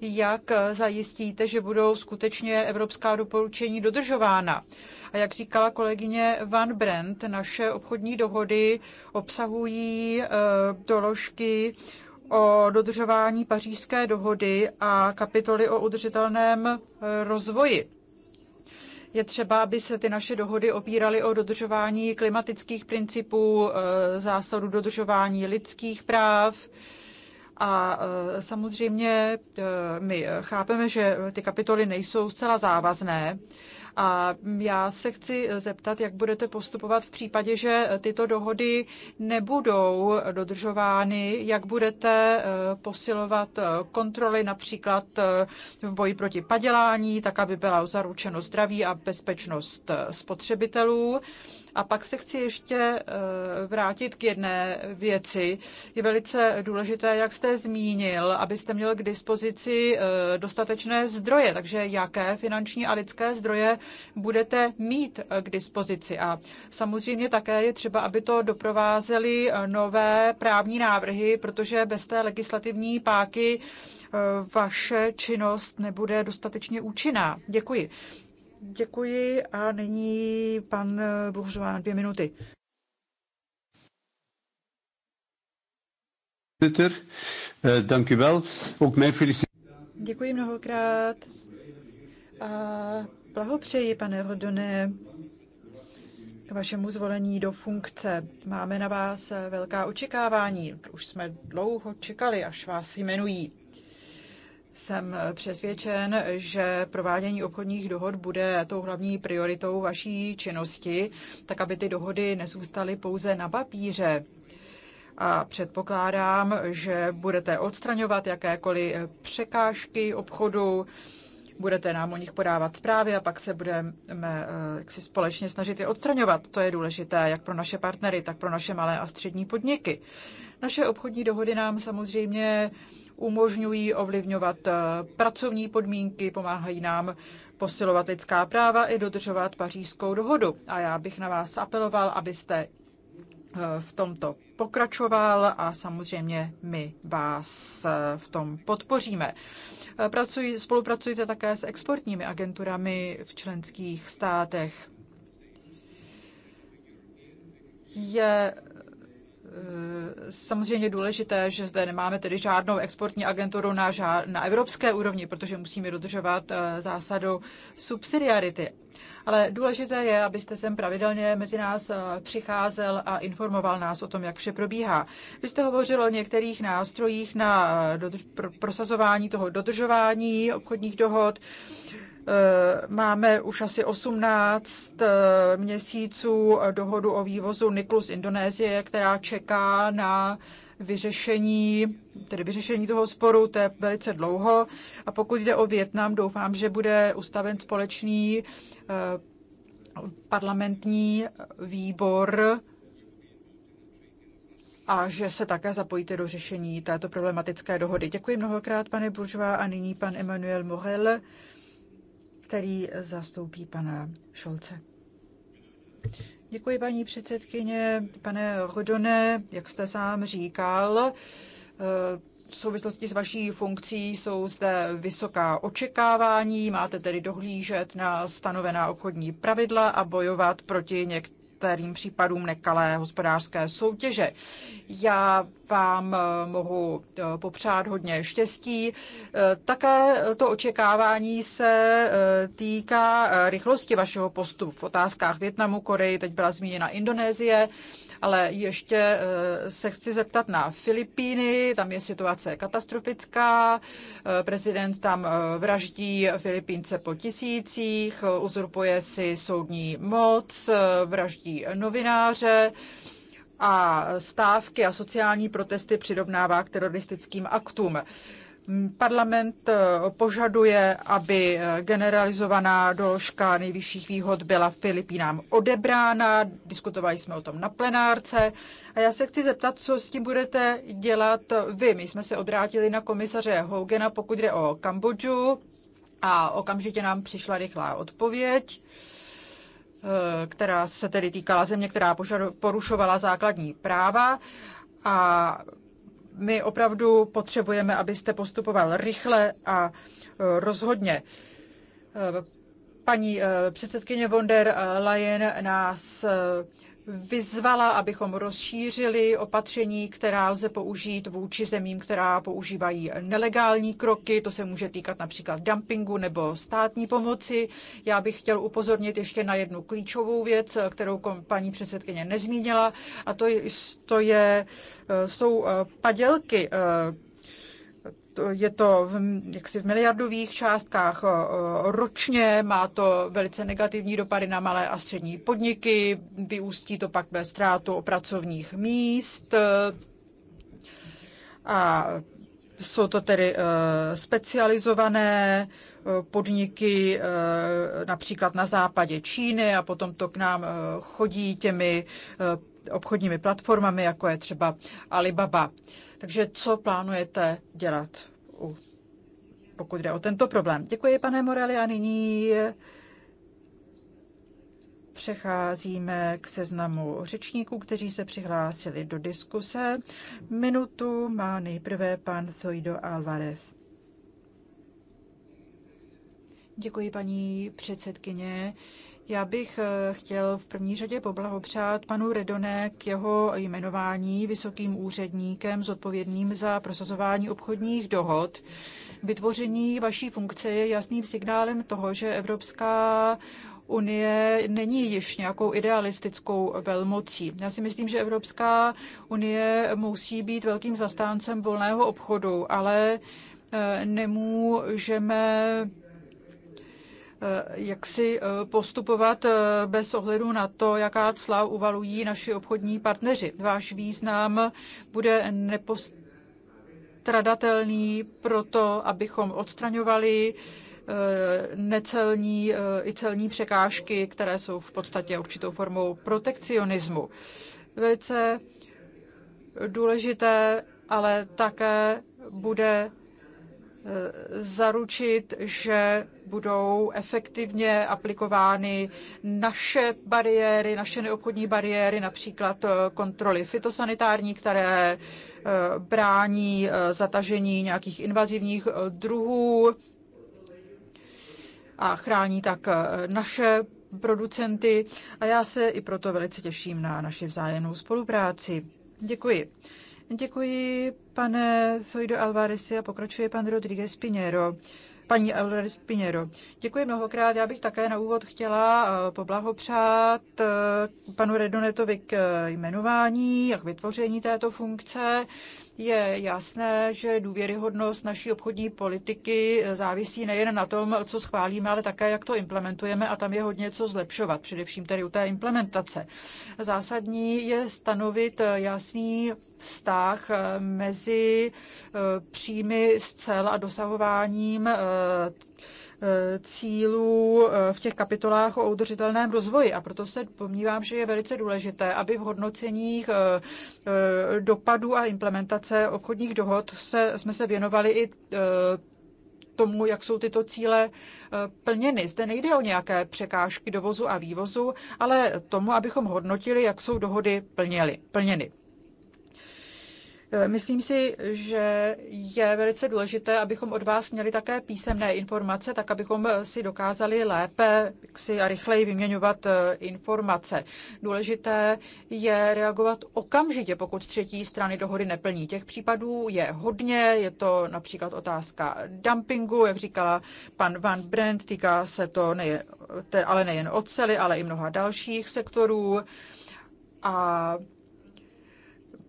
Jak zajistíte, že budou skutečně evropská doporučení dodržována? A jak říkala kolegyně Van Brent, naše obchodní dohody obsahují eh, doložky o dodržování pařížské dohody a kapitoly o udržitelném e, rozvoji. Je třeba, aby se ty naše dohody opíraly o dodržování klimatických principů, e, zásadu dodržování lidských práv. A e, samozřejmě my chápeme, že ty kapitoly nejsou zcela závazné, a já se chci zeptat, jak budete postupovat v případě, že tyto dohody nebudou dodržovány, jak budete eh, posilovat eh, kontroly například eh, v boji proti padělání, tak aby byla zaručeno zdraví a bezpečnost spotřebitelů. A pak se chci ještě eh, vrátit k jedné věci. Je velice důležité, jak jste zmínil, abyste měl k dispozici eh, dostatečné zdroje. Takže jaké finanční a lidské zdroje budete mít eh, k dispozici? A samozřejmě také je třeba, aby to doprovázely nové právní návrhy, protože bez té legislativní páky vaše činnost nebude dostatečně účinná. Děkuji. Děkuji a nyní pan Bohužová na dvě minuty. Eh, Děkuji mnohokrát a blahopřeji, pane Rodone, k vašemu zvolení do funkce. Máme na vás velká očekávání. Už jsme dlouho čekali, až vás jmenují. Jsem přesvědčen, že provádění obchodních dohod bude tou hlavní prioritou vaší činnosti, tak aby ty dohody nezůstaly pouze na papíře. A předpokládám, že budete odstraňovat jakékoliv překážky obchodu, budete nám o nich podávat zprávy a pak se budeme eh, si společně snažit je odstraňovat. To je důležité jak pro naše partnery, tak pro naše malé a střední podniky. Naše obchodní dohody nám samozřejmě umožňují ovlivňovat eh, pracovní podmínky, pomáhají nám posilovat lidská práva i dodržovat pařížskou dohodu. A já bych na vás apeloval, abyste eh, v tomto pokračoval a samozřejmě my vás eh, v tom podpoříme. Pracuj, spolupracujte také s exportními agenturami v členských státech. Je Eh, samozřejmě důležité, že zde nemáme tedy žádnou exportní agenturu na, žád, na evropské úrovni, protože musíme dodržovat eh, zásadu subsidiarity. Ale důležité je, abyste sem pravidelně mezi nás eh, přicházel a informoval nás o tom, jak vše probíhá. Vy jste hovořil o některých nástrojích na dodrž, prosazování toho dodržování obchodních dohod. Uh, Eh, máme už asi 18 eh, měsíců eh, dohodu o vývozu niklu z Indonésie, která čeká na vyřešení, tedy vyřešení toho sporu, to je velice dlouho. A pokud jde o Větnam, doufám, že bude ustaven společný parlamentní výbor a že se také zapojíte do řešení této problematické dohody. Děkuji mnohokrát, pane Buržová, a nyní pan Emmanuel Morel který zastoupí pana Šolce. Děkuji, paní předsedkyně. Pane Rodone, jak jste sám říkal, eh, v souvislosti s vaší funkcí jsou zde vysoká očekávání, máte tedy dohlížet na stanovená obchodní pravidla a bojovat proti některým některým případům nekalé hospodářské soutěže. Já vám eh, mohu eh, popřát hodně štěstí. Eh, také to očekávání se týká rychlosti vašeho postupu v otázkách Větnamu, Koreji, teď byla zmíněna Indonésie. Ale ještě eh, se chci zeptat na Filipíny, tam je situace katastrofická, eh, prezident tam eh, vraždí Filipínce po tisících, uzurpuje si soudní moc, vraždí novináře a stávky a sociální protesty přirovnává k teroristickým aktům. Parlament eh, požaduje, aby eh, generalizovaná doložka nejvyšších výhod byla Filipínám odebrána. Diskutovali jsme o tom na plenárce. A já se chci zeptat, co s tím budete dělat vy. My jsme se obrátili na komisaře Hougena, pokud jde o Kambodžu. A okamžitě nám přišla rychlá odpověď eh, která se tedy týkala země, která porušovala základní práva. A my opravdu potřebujeme, abyste postupoval rychle a e, rozhodně. E, paní e, předsedkyně von der Leyen nás vyzvala, abychom rozšířili opatření, která lze použít vůči zemím, která používají nelegální kroky. To se může týkat například dumpingu nebo státní pomoci. Já bych chtěl upozornit ještě na jednu klíčovou věc, kterou paní předsedkyně nezmínila, a to je, to je jsou eh, padělky eh, je to v, jaksi v miliardových částkách ročně, má to velice negativní dopady na malé a střední podniky, vyústí to pak ve ztrátu pracovních míst a jsou to tedy e, specializované e, podniky e, například na západě Číny a potom to k nám chodí těmi obchodními platformami, jako je třeba Alibaba. Takže co plánujete dělat? pokud jde o tento problém. Děkuji, pane Moreli, a nyní přecházíme k seznamu řečníků, kteří se přihlásili do diskuse. Minutu má nejprve pan Thoido Alvarez. Děkuji, paní předsedkyně. Já bych eh, chtěl v první řadě poblahopřát panu Redone k jeho jmenování vysokým úředníkem zodpovědným za prosazování obchodních dohod. Vytvoření vaší funkce je jasným signálem toho, že Evropská unie není již nějakou idealistickou velmocí. Já si myslím, že Evropská unie musí být velkým zastáncem volného obchodu, ale eh, nemůžeme Eh, jak si eh, postupovat eh, bez ohledu na to, jaká cla uvalují naši obchodní partneři. Váš význam bude nepostradatelný proto, abychom odstraňovali necelní i celní překážky, které jsou v podstatě určitou formou protekcionismu. Velice důležité ale také bude zaručit, že budou efektivně aplikovány naše bariéry, naše neobchodní bariéry, například eh, kontroly fitosanitární, které eh, brání eh, zatažení nějakých invazivních druhů a chrání tak naše producenty. A já se i proto velice těším na naši vzájemnou spolupráci. Děkuji. Děkuji, pane Sojdo Alvarez a pokračuje pan Rodríguez Pinheiro paní Eldoris Piněro, Děkuji mnohokrát. Já bych také na úvod chtěla eh, poblahopřát eh, panu Redonetovi k eh, jmenování a k vytvoření této funkce. Je jasné, že důvěryhodnost naší obchodní politiky závisí nejen na tom, co schválíme, ale také, jak to implementujeme a tam je hodně co zlepšovat, především tedy u té implementace. Zásadní je stanovit jasný vztah mezi eh, příjmy z cel a dosahováním eh, Eh, cílů eh, v těch kapitolách o udržitelném rozvoji. A proto se pomnívám, že je velice důležité, aby v hodnoceních eh, dopadů a implementace obchodních dohod se, jsme se věnovali i tomu, jak jsou tyto cíle plněny. Zde nejde o nějaké překážky dovozu a vývozu, ale tomu, abychom hodnotili, jak jsou dohody plněly, plněny. Eh, myslím si, že je velice důležité, abychom od vás měli také písemné informace, tak abychom eh, si dokázali lépe si a rychleji vyměňovat eh, informace. Důležité je reagovat okamžitě, pokud třetí strany dohody neplní. Těch případů je hodně, je to například otázka dumpingu, jak říkala pan Van Brent, týká se to nejen, ale nejen ocely, ale i mnoha dalších sektorů. A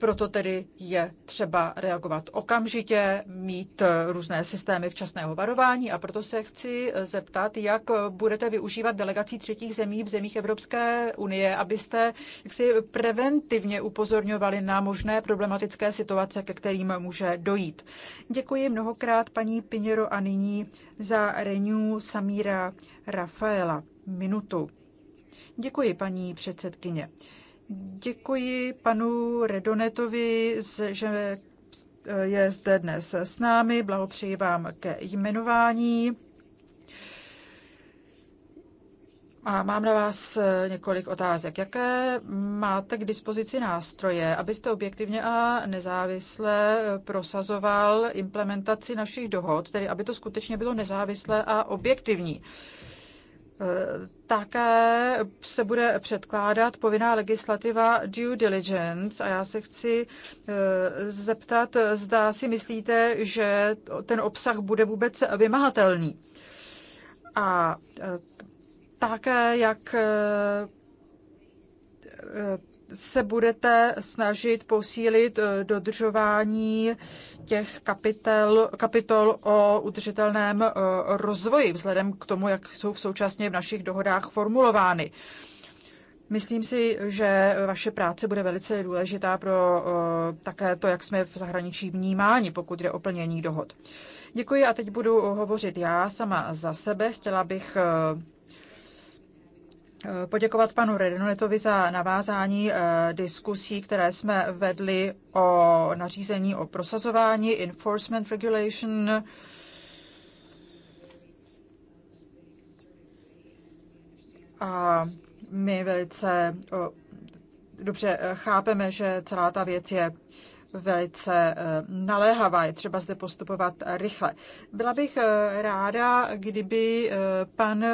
proto tedy je třeba reagovat okamžitě, mít eh, různé systémy včasného varování a proto se chci eh, zeptat, jak budete využívat delegací třetích zemí v zemích Evropské unie, abyste jaksi preventivně upozorňovali na možné problematické situace, ke kterým může dojít. Děkuji mnohokrát paní Piněro a nyní za Renew Samíra Rafaela. Minutu. Děkuji, paní předsedkyně. Děkuji panu Redonetovi, že eh, je zde dnes s námi. Blahopřeji vám ke jmenování. A mám na vás eh, několik otázek. Jaké máte k dispozici nástroje, abyste objektivně a nezávisle eh, prosazoval implementaci našich dohod, tedy aby to skutečně bylo nezávislé a objektivní? Eh, také se bude předkládat povinná legislativa due diligence a já se chci eh, zeptat, zda si myslíte, že ten obsah bude vůbec vymahatelný. A eh, také, jak se budete snažit posílit eh, dodržování těch kapitel, kapitol o udržitelném eh, rozvoji, vzhledem k tomu, jak jsou v současně v našich dohodách formulovány. Myslím si, že vaše práce bude velice důležitá pro eh, také to, jak jsme v zahraničí vnímáni, pokud jde o plnění dohod. Děkuji a teď budu hovořit já sama za sebe. Chtěla bych poděkovat panu Redinoletovi za navázání eh, diskusí, které jsme vedli o nařízení o prosazování Enforcement Regulation. A my velice dobře eh, chápeme, že celá ta věc je velice eh, naléhavá, je třeba zde postupovat rychle. Byla bych ráda, kdyby pan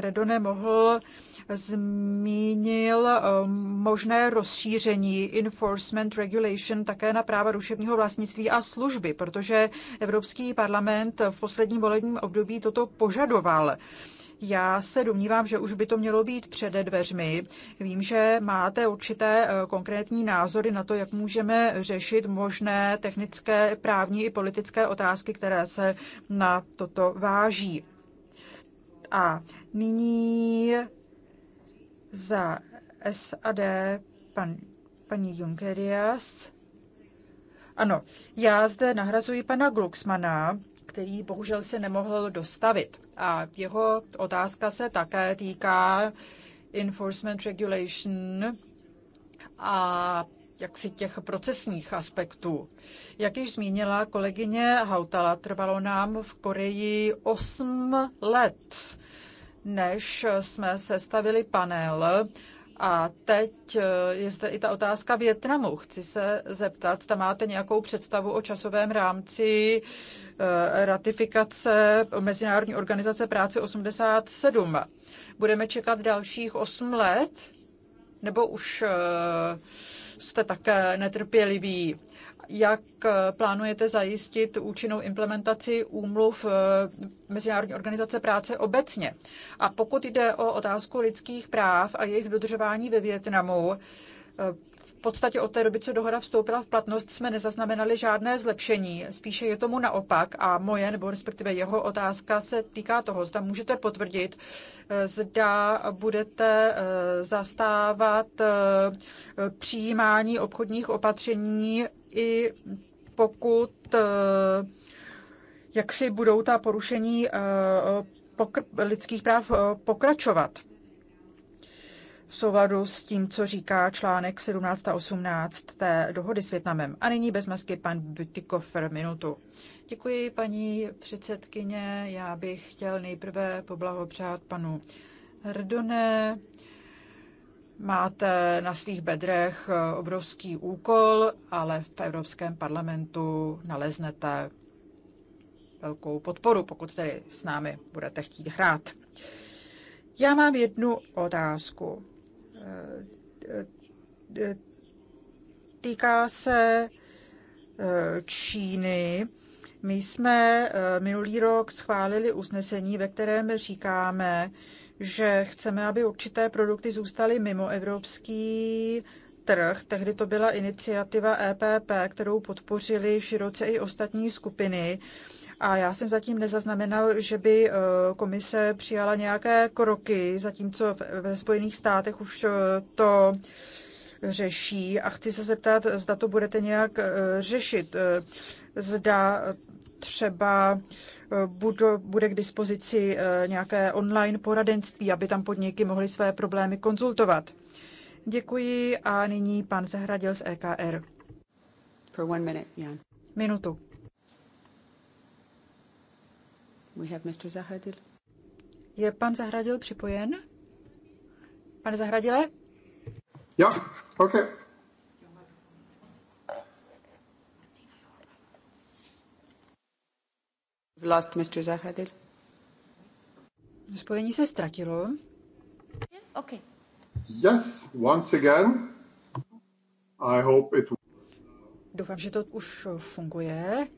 Redone mohl zmínil eh, možné rozšíření enforcement regulation také na práva duševního vlastnictví a služby, protože Evropský parlament v posledním volebním období toto požadoval. Já se domnívám, že už by to mělo být před dveřmi. Vím, že máte určité eh, konkrétní názory na to, jak můžeme řešit možné technické, právní i politické otázky, které se na toto váží. A nyní za SAD pan, paní Junkerias. Ano, já zde nahrazuji pana Glucksmana, který bohužel se nemohl dostavit. A jeho otázka se také týká enforcement regulation a jaksi těch procesních aspektů. Jak již zmínila kolegyně Hautala, trvalo nám v Koreji 8 let, než jsme sestavili panel. A teď eh, je zde i ta otázka Větnamu. Chci se zeptat, tam máte nějakou představu o časovém rámci eh, ratifikace Mezinárodní organizace práce 87. Budeme čekat dalších 8 let? Nebo už eh, jste také netrpěliví? jak eh, plánujete zajistit účinnou implementaci úmluv eh, Mezinárodní organizace práce obecně. A pokud jde o otázku lidských práv a jejich dodržování ve Větnamu, eh, v podstatě od té doby, co dohoda vstoupila v platnost, jsme nezaznamenali žádné zlepšení. Spíše je tomu naopak a moje, nebo respektive jeho otázka se týká toho, zda můžete potvrdit, zda budete zastávat přijímání obchodních opatření i pokud eh, jak si budou ta porušení eh, lidských práv eh, pokračovat v souladu s tím, co říká článek 17 a 18 té dohody s Větnamem. A nyní bez masky pan Butikofer minutu. Děkuji, paní předsedkyně. Já bych chtěl nejprve poblahopřát panu Hrdone Máte na svých bedrech eh, obrovský úkol, ale v Evropském parlamentu naleznete velkou podporu, pokud tedy s námi budete chtít hrát. Já mám jednu otázku. Eh, eh, týká se Číny. My jsme minulý rok schválili usnesení, ve kterém říkáme, že chceme, aby určité produkty zůstaly mimo evropský trh. Tehdy to byla iniciativa EPP, kterou podpořili široce i ostatní skupiny. A já jsem zatím nezaznamenal, že by eh, komise přijala nějaké kroky, zatímco ve Spojených státech už eh, to řeší. A chci se zeptat, zda to budete nějak eh, řešit zda eh, třeba eh, bude k dispozici eh, nějaké online poradenství, aby tam podniky mohly své problémy konzultovat. Děkuji a nyní pan Zahradil z EKR. For one minute, yeah. Minutu. We have Mr. Zahradil. Je pan Zahradil připojen? Pane Zahradile?
Jo, yeah, okay.
Lost Mr. Zahradil. Spojení se ztratilo.
okay.
Yes, once again. I hope it...
Doufám, že to už funguje.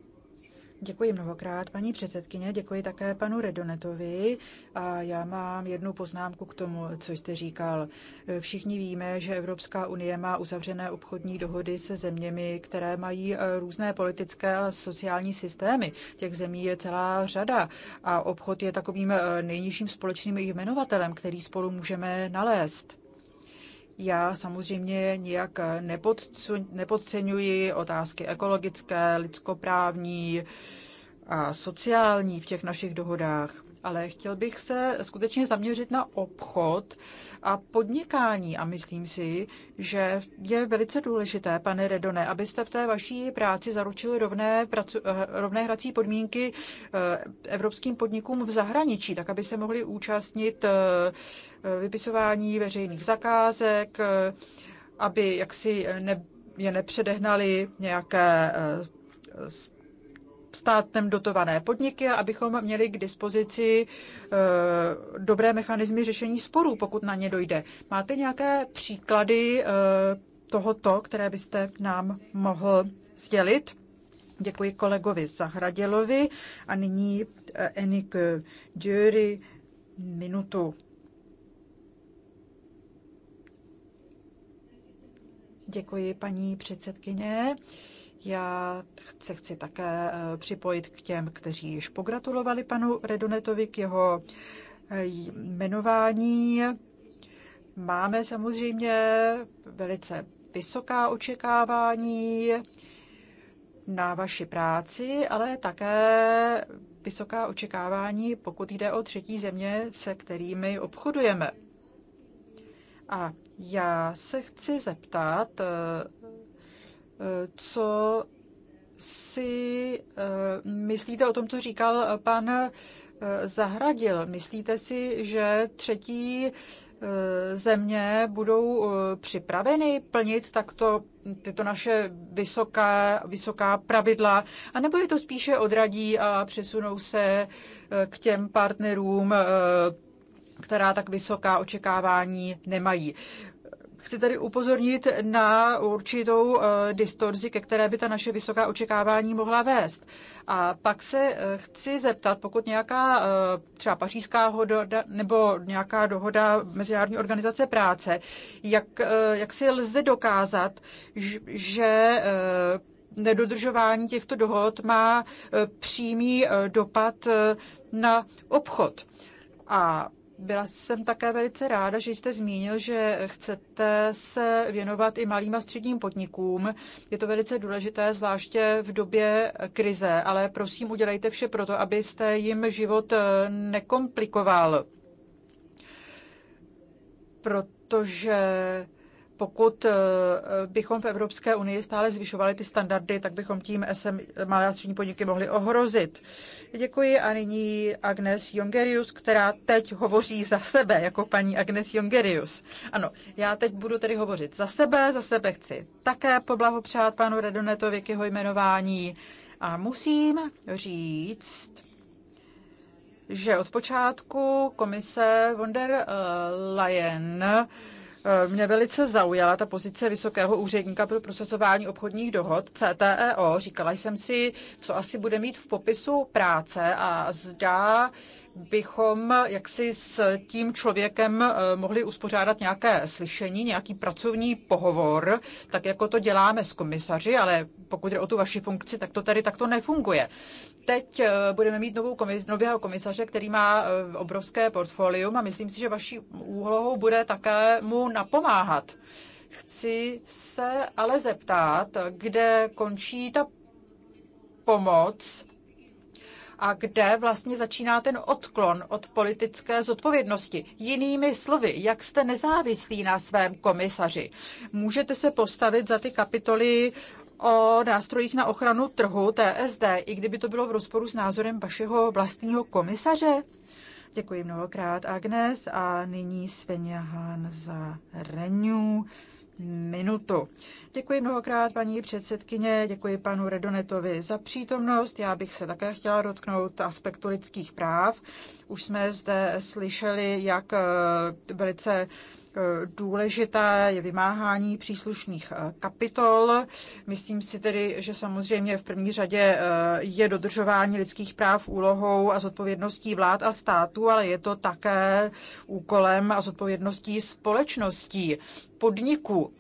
Děkuji mnohokrát, paní předsedkyně, děkuji také panu Redonetovi a já mám jednu poznámku k tomu, co jste říkal. Všichni víme, že Evropská unie má uzavřené obchodní dohody se zeměmi, které mají e, různé politické a sociální systémy. Těch zemí je celá řada a obchod je takovým e, nejnižším společným jmenovatelem, který spolu můžeme nalézt. Já samozřejmě nijak nepodceňuji otázky ekologické, lidskoprávní a sociální v těch našich dohodách ale chtěl bych se skutečně zaměřit na obchod a podnikání a myslím si, že je velice důležité, pane Redone, abyste v té vaší práci zaručili rovné, pracu, eh, rovné hrací podmínky eh, evropským podnikům v zahraničí, tak aby se mohli účastnit eh, vypisování veřejných zakázek, aby jaksi ne, je nepředehnali nějaké státem dotované podniky a abychom měli k dispozici eh, dobré mechanizmy řešení sporů, pokud na ně dojde. Máte nějaké příklady eh, tohoto, které byste nám mohl sdělit? Děkuji kolegovi Zahradělovi a nyní eh, Enik Dury minutu. Děkuji, paní předsedkyně. Já se chci také eh, připojit k těm, kteří již pogratulovali panu Redonetovi k jeho eh, jmenování. Máme samozřejmě velice vysoká očekávání na vaši práci, ale také vysoká očekávání, pokud jde o třetí země, se kterými obchodujeme. A já se chci zeptat, eh, co si eh, myslíte o tom, co říkal pan eh, Zahradil? Myslíte si, že třetí eh, země budou připraveny plnit takto tyto naše vysoká, vysoká pravidla, anebo je to spíše odradí a přesunou se k těm partnerům, která tak vysoká očekávání nemají. Chci tady upozornit na určitou eh, distorzi, ke které by ta naše vysoká očekávání mohla vést. A pak se eh, chci zeptat, pokud nějaká eh, třeba pařížská dohoda nebo nějaká dohoda Mezinárodní organizace práce, jak, jak si lze dokázat, že nedodržování těchto dohod má přímý dopad na obchod. A byla jsem také velice ráda, že jste zmínil, že chcete se věnovat i malým a středním podnikům. Je to velice důležité, zvláště v době krize, ale prosím, udělejte vše pro to, abyste jim život eh, nekomplikoval. Protože pokud eh, bychom v Evropské unii stále zvyšovali ty standardy, tak bychom tím SM, malé a střední podniky mohli ohrozit. Děkuji a nyní Agnes Jongerius, která teď hovoří za sebe, jako paní Agnes Jongerius. Ano, já teď budu tedy hovořit za sebe, za sebe chci také poblahopřát panu Redonetovi k jeho jmenování a musím říct, že od počátku komise von der eh, Leyen uh, Eh, mě velice zaujala ta pozice vysokého úředníka pro procesování obchodních dohod CTEO. Říkala jsem si, co asi bude mít v popisu práce a zdá, bychom jaksi s tím člověkem eh, mohli uspořádat nějaké slyšení, nějaký pracovní pohovor, tak jako to děláme s komisaři, ale pokud jde o tu vaši funkci, tak to tady takto nefunguje teď eh, budeme mít novou komis, nového komisaře, který má eh, obrovské portfolium a myslím si, že vaší úlohou bude také mu napomáhat. Chci se ale zeptat, kde končí ta pomoc a kde vlastně začíná ten odklon od politické zodpovědnosti. Jinými slovy, jak jste nezávislí na svém komisaři? Můžete se postavit za ty kapitoly o nástrojích na ochranu trhu TSD, i kdyby to bylo v rozporu s názorem vašeho vlastního komisaře? Děkuji mnohokrát, Agnes. A nyní Svenja za Renew minutu. Děkuji mnohokrát, paní předsedkyně, děkuji panu Redonetovi za přítomnost. Já bych se také chtěla dotknout aspektu lidských práv. Už jsme zde slyšeli, jak eh, velice Eh, důležité je vymáhání příslušných eh, kapitol. Myslím si tedy, že samozřejmě v první řadě eh, je dodržování lidských práv úlohou a zodpovědností vlád a států, ale je to také úkolem a zodpovědností společností, podniků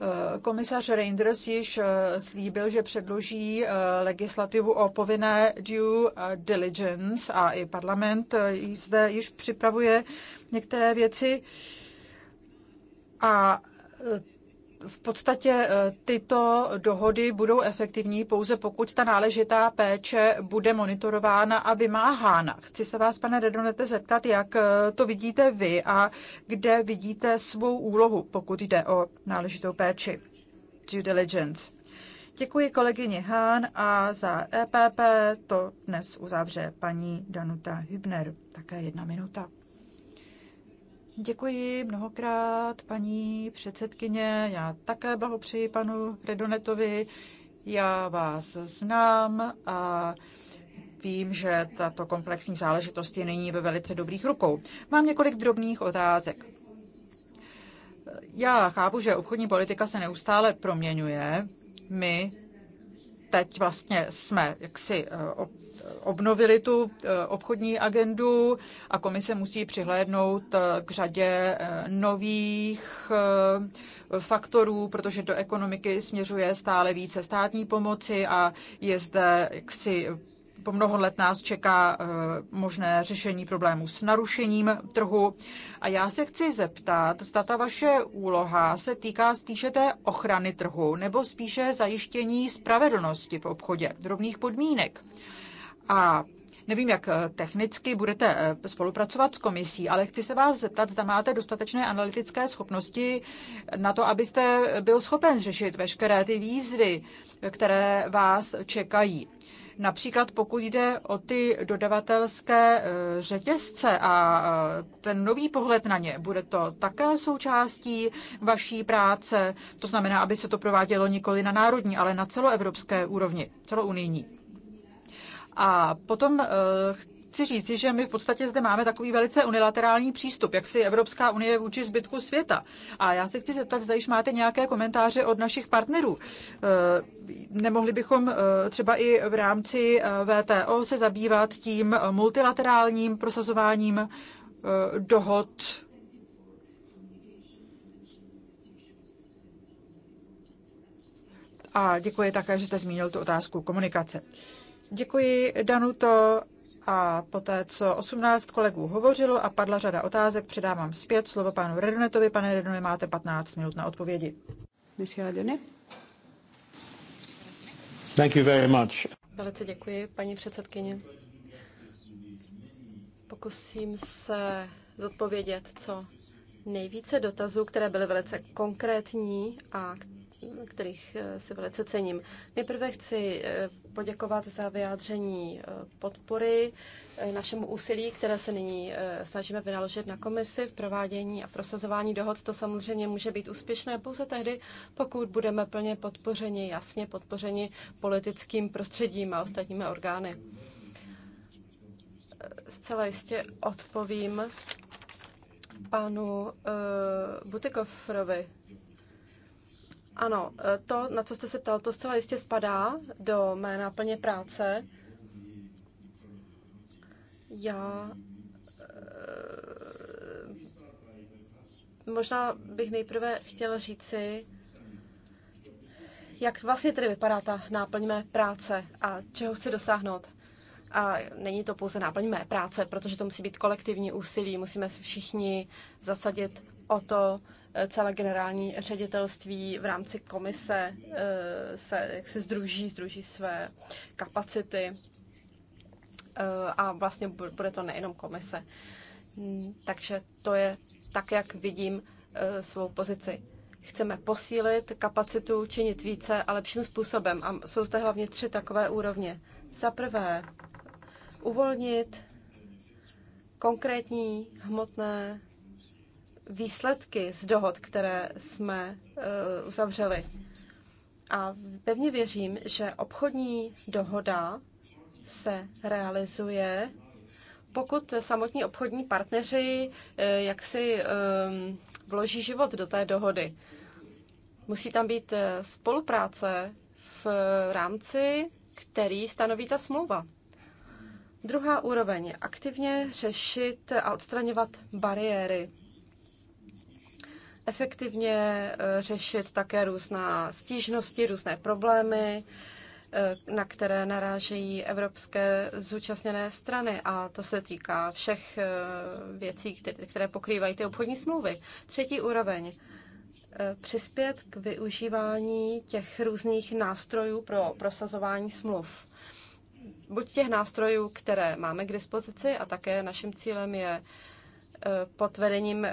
Eh, komisař Reinders již eh, slíbil, že předloží eh, legislativu o povinné due diligence a i parlament zde již připravuje některé věci. A v podstatě eh, tyto dohody budou efektivní pouze pokud ta náležitá péče bude monitorována a vymáhána. Chci se vás, pane Redonete, zeptat, jak eh, to vidíte vy a kde vidíte svou úlohu, pokud jde o náležitou péči. Due diligence. Děkuji kolegyni Hán a za EPP to dnes uzavře paní Danuta Hübner. Také jedna minuta. Děkuji mnohokrát, paní předsedkyně. Já také blahopřeji panu Redonetovi. Já vás znám a vím, že tato komplexní záležitost je nyní ve velice dobrých rukou. Mám několik drobných otázek. Já chápu, že obchodní politika se neustále proměňuje. My teď vlastně jsme jaksi eh, obnovili tu eh, obchodní agendu a komise musí přihlédnout eh, k řadě nových faktorů, protože do ekonomiky směřuje stále více státní pomoci a je zde jaksi po mnoho let nás čeká eh, možné řešení problémů s narušením trhu. A já se chci zeptat, zda ta vaše úloha se týká spíše té ochrany trhu nebo spíše zajištění spravedlnosti v obchodě, rovných podmínek. A Nevím, jak eh, technicky budete eh, spolupracovat s komisí, ale chci se vás zeptat, zda máte dostatečné analytické schopnosti na to, abyste byl schopen řešit veškeré ty výzvy, které vás čekají. Například pokud jde o ty dodavatelské eh, řetězce a eh, ten nový pohled na ně, bude to také součástí vaší práce? To znamená, aby se to provádělo nikoli na národní, ale na celoevropské úrovni, celounijní. A potom eh, chci říci, že my v podstatě zde máme takový velice unilaterální přístup, jak si Evropská unie vůči zbytku světa. A já se chci zeptat, zda již máte nějaké komentáře od našich partnerů. Eh, nemohli bychom eh, třeba i v rámci eh, VTO se zabývat tím multilaterálním prosazováním dohod A děkuji také, že jste zmínil tu otázku komunikace. Děkuji, Danuto a poté, co 18 kolegů hovořilo a padla řada otázek, předávám zpět slovo panu Redonetovi. Pane Redone, máte 15 minut na odpovědi.
Thank you very much.
Velice děkuji, paní předsedkyně. Pokusím se zodpovědět co nejvíce dotazů, které byly velice konkrétní a kterých eh, si velice cením. Nejprve chci eh, poděkovat za vyjádření eh, podpory našemu úsilí, které se nyní snažíme vynaložit na komisi v provádění a prosazování dohod. To samozřejmě může být úspěšné pouze tehdy, pokud budeme plně podpořeni, jasně podpořeni politickým prostředím a ostatními orgány. Zcela jistě odpovím panu uh, Butikofrovi, ano, e, to, na co jste se ptal, to zcela jistě spadá do mé náplně práce. Já e, možná bych nejprve chtěla říci, jak vlastně tedy vypadá ta náplň mé práce a čeho chci dosáhnout. A není to pouze náplň mé práce, protože to musí být kolektivní úsilí, musíme se všichni zasadit o to, Eh, celé generální ředitelství v rámci komise eh, se, jaksi združí, združí své kapacity eh, a vlastně bude to nejenom komise. Hmm, takže to je tak, jak vidím svou pozici. Chceme posílit kapacitu, činit více a lepším způsobem. A jsou zde hlavně tři takové úrovně. Za prvé, uvolnit konkrétní hmotné výsledky z dohod, které jsme eh, uzavřeli. A pevně věřím, že obchodní dohoda se realizuje, pokud samotní obchodní partneři eh, jaksi ehm, vloží život do té dohody. Musí tam být eh, spolupráce v rámci, který stanoví ta smlouva. Druhá úroveň aktivně řešit a odstraňovat bariéry efektivně eh, řešit také různá stížnosti, různé problémy, eh, na které narážejí evropské zúčastněné strany a to se týká všech eh, věcí, které pokrývají ty obchodní smlouvy. Třetí úroveň přispět k využívání těch různých nástrojů pro prosazování smluv. Buď těch nástrojů, které máme k dispozici, a také naším cílem je pod vedením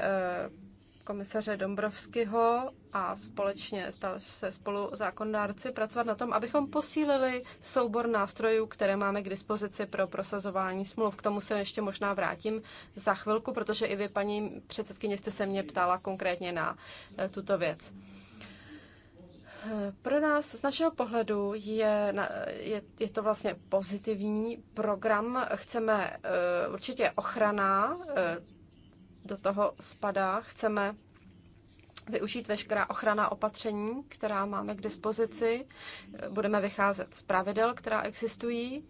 komisaře Dombrovského a společně se spolu zákondárci pracovat na tom, abychom posílili soubor nástrojů, které máme k dispozici pro prosazování smluv. K tomu se ještě možná vrátím za chvilku, protože i vy, paní předsedkyně, jste se mě ptala konkrétně na eh, tuto věc. Pro nás z našeho pohledu je, je, je to vlastně pozitivní program. Chceme eh, určitě ochrana eh, do toho spadá. Chceme využít veškerá ochrana opatření, která máme k dispozici. Budeme vycházet z pravidel, která existují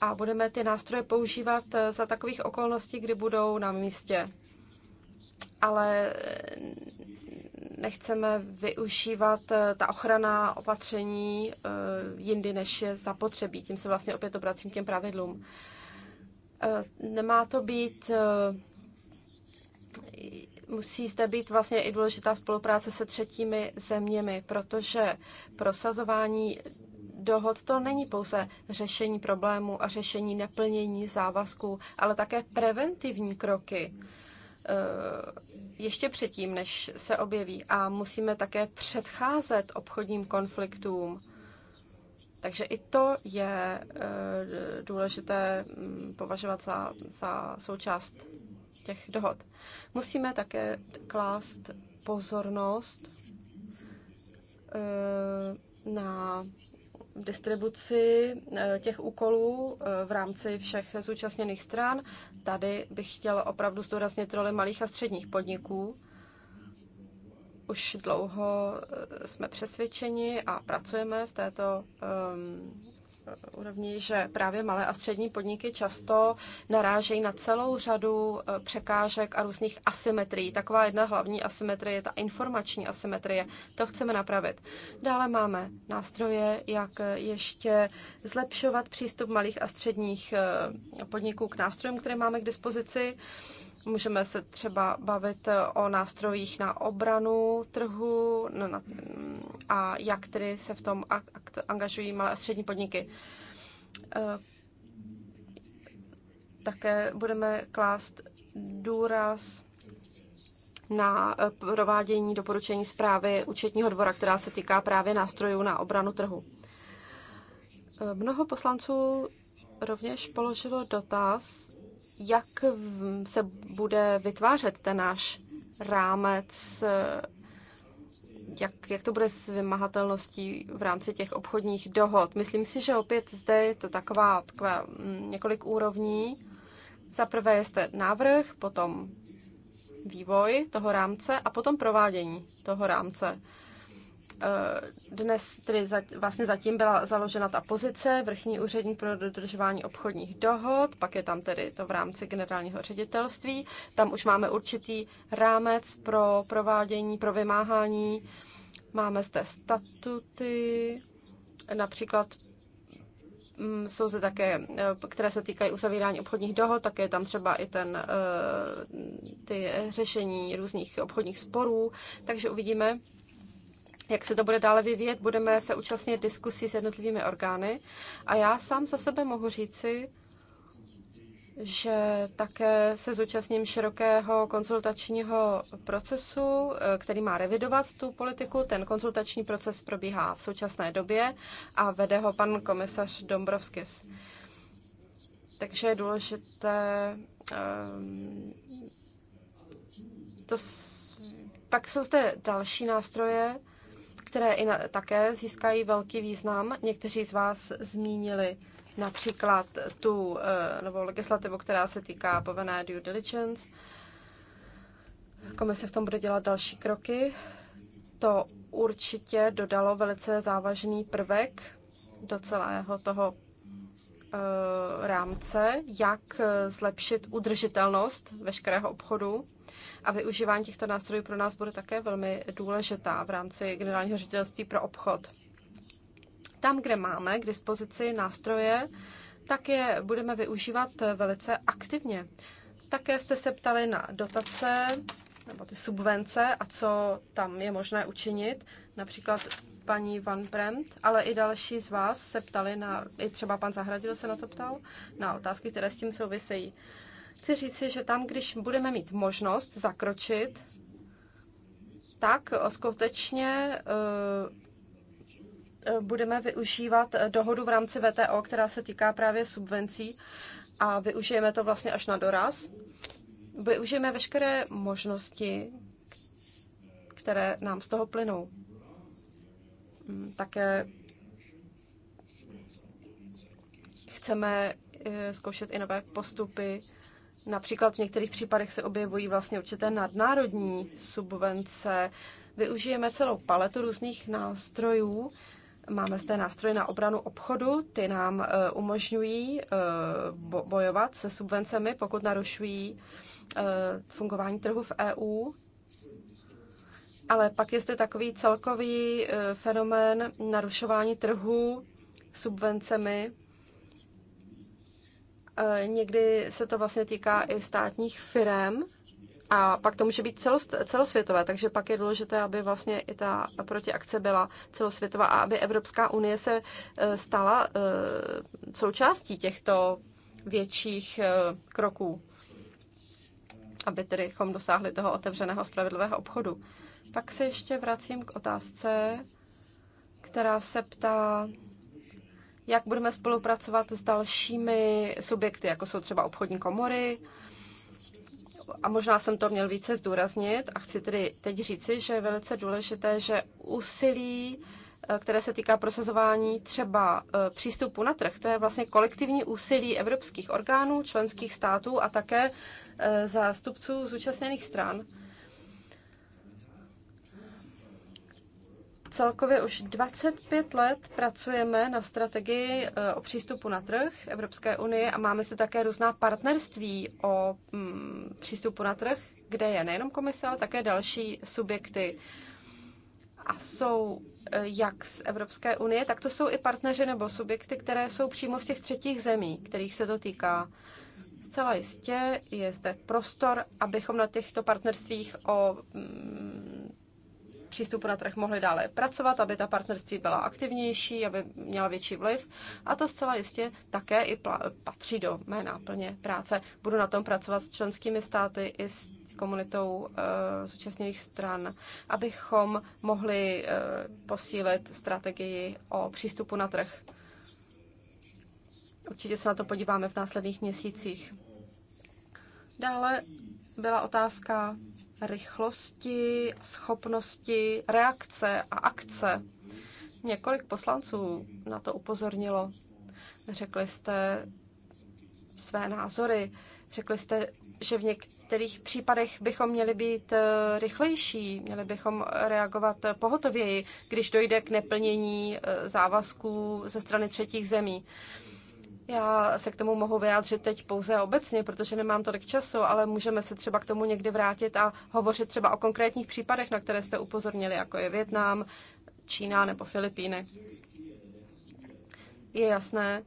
a budeme ty nástroje používat eh, za takových okolností, kdy budou na místě. Ale eh, nechceme využívat eh, ta ochrana opatření jindy, než je zapotřebí. Tím se vlastně opět obracím k těm pravidlům. Nemá to být musí zde být vlastně i důležitá spolupráce se třetími zeměmi, protože prosazování dohod to není pouze řešení problému a řešení neplnění závazků, ale také preventivní kroky eh, ještě předtím, než se objeví. A musíme také předcházet obchodním konfliktům. Takže i to je eh, důležité mm, považovat za, za součást těch dohod. Musíme také klást pozornost eh, na distribuci eh, těch úkolů eh, v rámci všech zúčastněných stran. Tady bych chtěla opravdu zdůraznit roli malých a středních podniků. Už dlouho jsme přesvědčeni a pracujeme v této ehm, úrovni, že právě malé a střední podniky často narážejí na celou řadu eh, překážek a různých asymetrií. Taková jedna hlavní asymetrie je ta informační asymetrie. To chceme napravit. Dále máme nástroje, jak ještě zlepšovat přístup malých a středních eh, podniků k nástrojům, které máme k dispozici. Můžeme se třeba bavit o nástrojích na obranu trhu a jak tedy se v tom angažují malé a střední podniky. E, také budeme klást důraz na e, provádění doporučení zprávy účetního dvora, která se týká právě nástrojů na obranu trhu. E, mnoho poslanců rovněž položilo dotaz jak se bude vytvářet ten náš rámec, jak, jak to bude s vymahatelností v rámci těch obchodních dohod. Myslím si, že opět zde je to taková, taková mm, několik úrovní. Za prvé je zde návrh, potom vývoj toho rámce a potom provádění toho rámce. Eh, dnes tedy za, vlastně zatím byla založena ta pozice vrchní úřední pro dodržování obchodních dohod, pak je tam tedy to v rámci generálního ředitelství. Tam už máme určitý rámec pro provádění, pro vymáhání. Máme zde statuty, například mm, jsou zde také, eh, které se týkají uzavírání obchodních dohod, také je tam třeba i ten, eh, ty řešení různých obchodních sporů, takže uvidíme, jak se to bude dále vyvíjet, budeme se účastnit diskusí s jednotlivými orgány. A já sám za sebe mohu říci, že také se zúčastním širokého konzultačního procesu, eh, který má revidovat tu politiku. Ten konzultační proces probíhá v současné době a vede ho pan komisař Dombrovskis. Takže je důležité ehm, to, pak jsou zde další nástroje, které i na, také získají velký význam. Někteří z vás zmínili například tu eh, novou legislativu, která se týká povinné due diligence. Komise v tom bude dělat další kroky. To určitě dodalo velice závažný prvek do celého toho eh, rámce, jak eh, zlepšit udržitelnost veškerého obchodu. A využívání těchto nástrojů pro nás bude také velmi důležitá v rámci generálního ředitelství pro obchod. Tam, kde máme k dispozici nástroje, tak je budeme využívat velice aktivně. Také jste se ptali na dotace nebo ty subvence a co tam je možné učinit. Například paní Van Brent, ale i další z vás se ptali na, i třeba pan Zahradil se na to ptal, na otázky, které s tím souvisejí. Uh, Chci říci, že tam, když budeme mít možnost zakročit, tak eh, skutečně eh, eh, budeme využívat dohodu v rámci VTO, která se týká právě subvencí a využijeme to vlastně až na doraz. Využijeme veškeré možnosti, které nám z toho plynou. Mm, také chceme zkoušet i nové postupy, Například v některých případech se objevují vlastně určité nadnárodní subvence. Využijeme celou paletu různých nástrojů. Máme zde nástroje na obranu obchodu, ty nám e, umožňují e, bojovat se subvencemi, pokud narušují e, fungování trhu v EU. Ale pak je zde takový celkový fenomén narušování trhu subvencemi Eh, někdy se to vlastně týká i státních firm, a pak to může být celost, celosvětové, takže pak je důležité, aby vlastně i ta protiakce byla celosvětová a aby Evropská unie se eh, stala eh, součástí těchto větších kroků, aby tedy chom dosáhli toho otevřeného spravedlivého obchodu. Pak se ještě vracím k otázce, která se ptá jak budeme spolupracovat s dalšími subjekty, jako jsou třeba obchodní komory. A možná jsem to měl více zdůraznit a chci tedy teď říci, že je velice důležité, že úsilí, eh, které se týká prosazování třeba eh, přístupu na trh, to je vlastně kolektivní úsilí evropských orgánů, členských států a také eh, zástupců zúčastněných stran Celkově už 25 let pracujeme na strategii eh, o přístupu na trh Evropské unie a máme se také různá partnerství o mm, přístupu na trh, kde je nejenom komise, ale také další subjekty. A jsou eh, jak z Evropské unie, tak to jsou i partneři nebo subjekty, které jsou přímo z těch třetích zemí, kterých se to týká. Zcela jistě je zde prostor, abychom na těchto partnerstvích o mm, přístupu na trh mohli dále pracovat, aby ta partnerství byla aktivnější, aby měla větší vliv. A to zcela jistě také i patří do mé náplně práce. Budu na tom pracovat s členskými státy i s komunitou e, zúčastněných stran, abychom mohli e, posílit strategii o přístupu na trh. Určitě se na to podíváme v následných měsících. Dále byla otázka rychlosti, schopnosti reakce a akce. Několik poslanců na to upozornilo. Řekli jste své názory, řekli jste, že v některých případech bychom měli být eh, rychlejší, měli bychom reagovat pohotověji, když dojde k neplnění eh, závazků ze strany třetích zemí. Já se k tomu mohu vyjádřit teď pouze obecně, protože nemám tolik času, ale můžeme se třeba k tomu někdy vrátit a hovořit třeba o konkrétních případech, na které jste upozornili, jako je Větnam, Čína nebo Filipíny. Je jasné,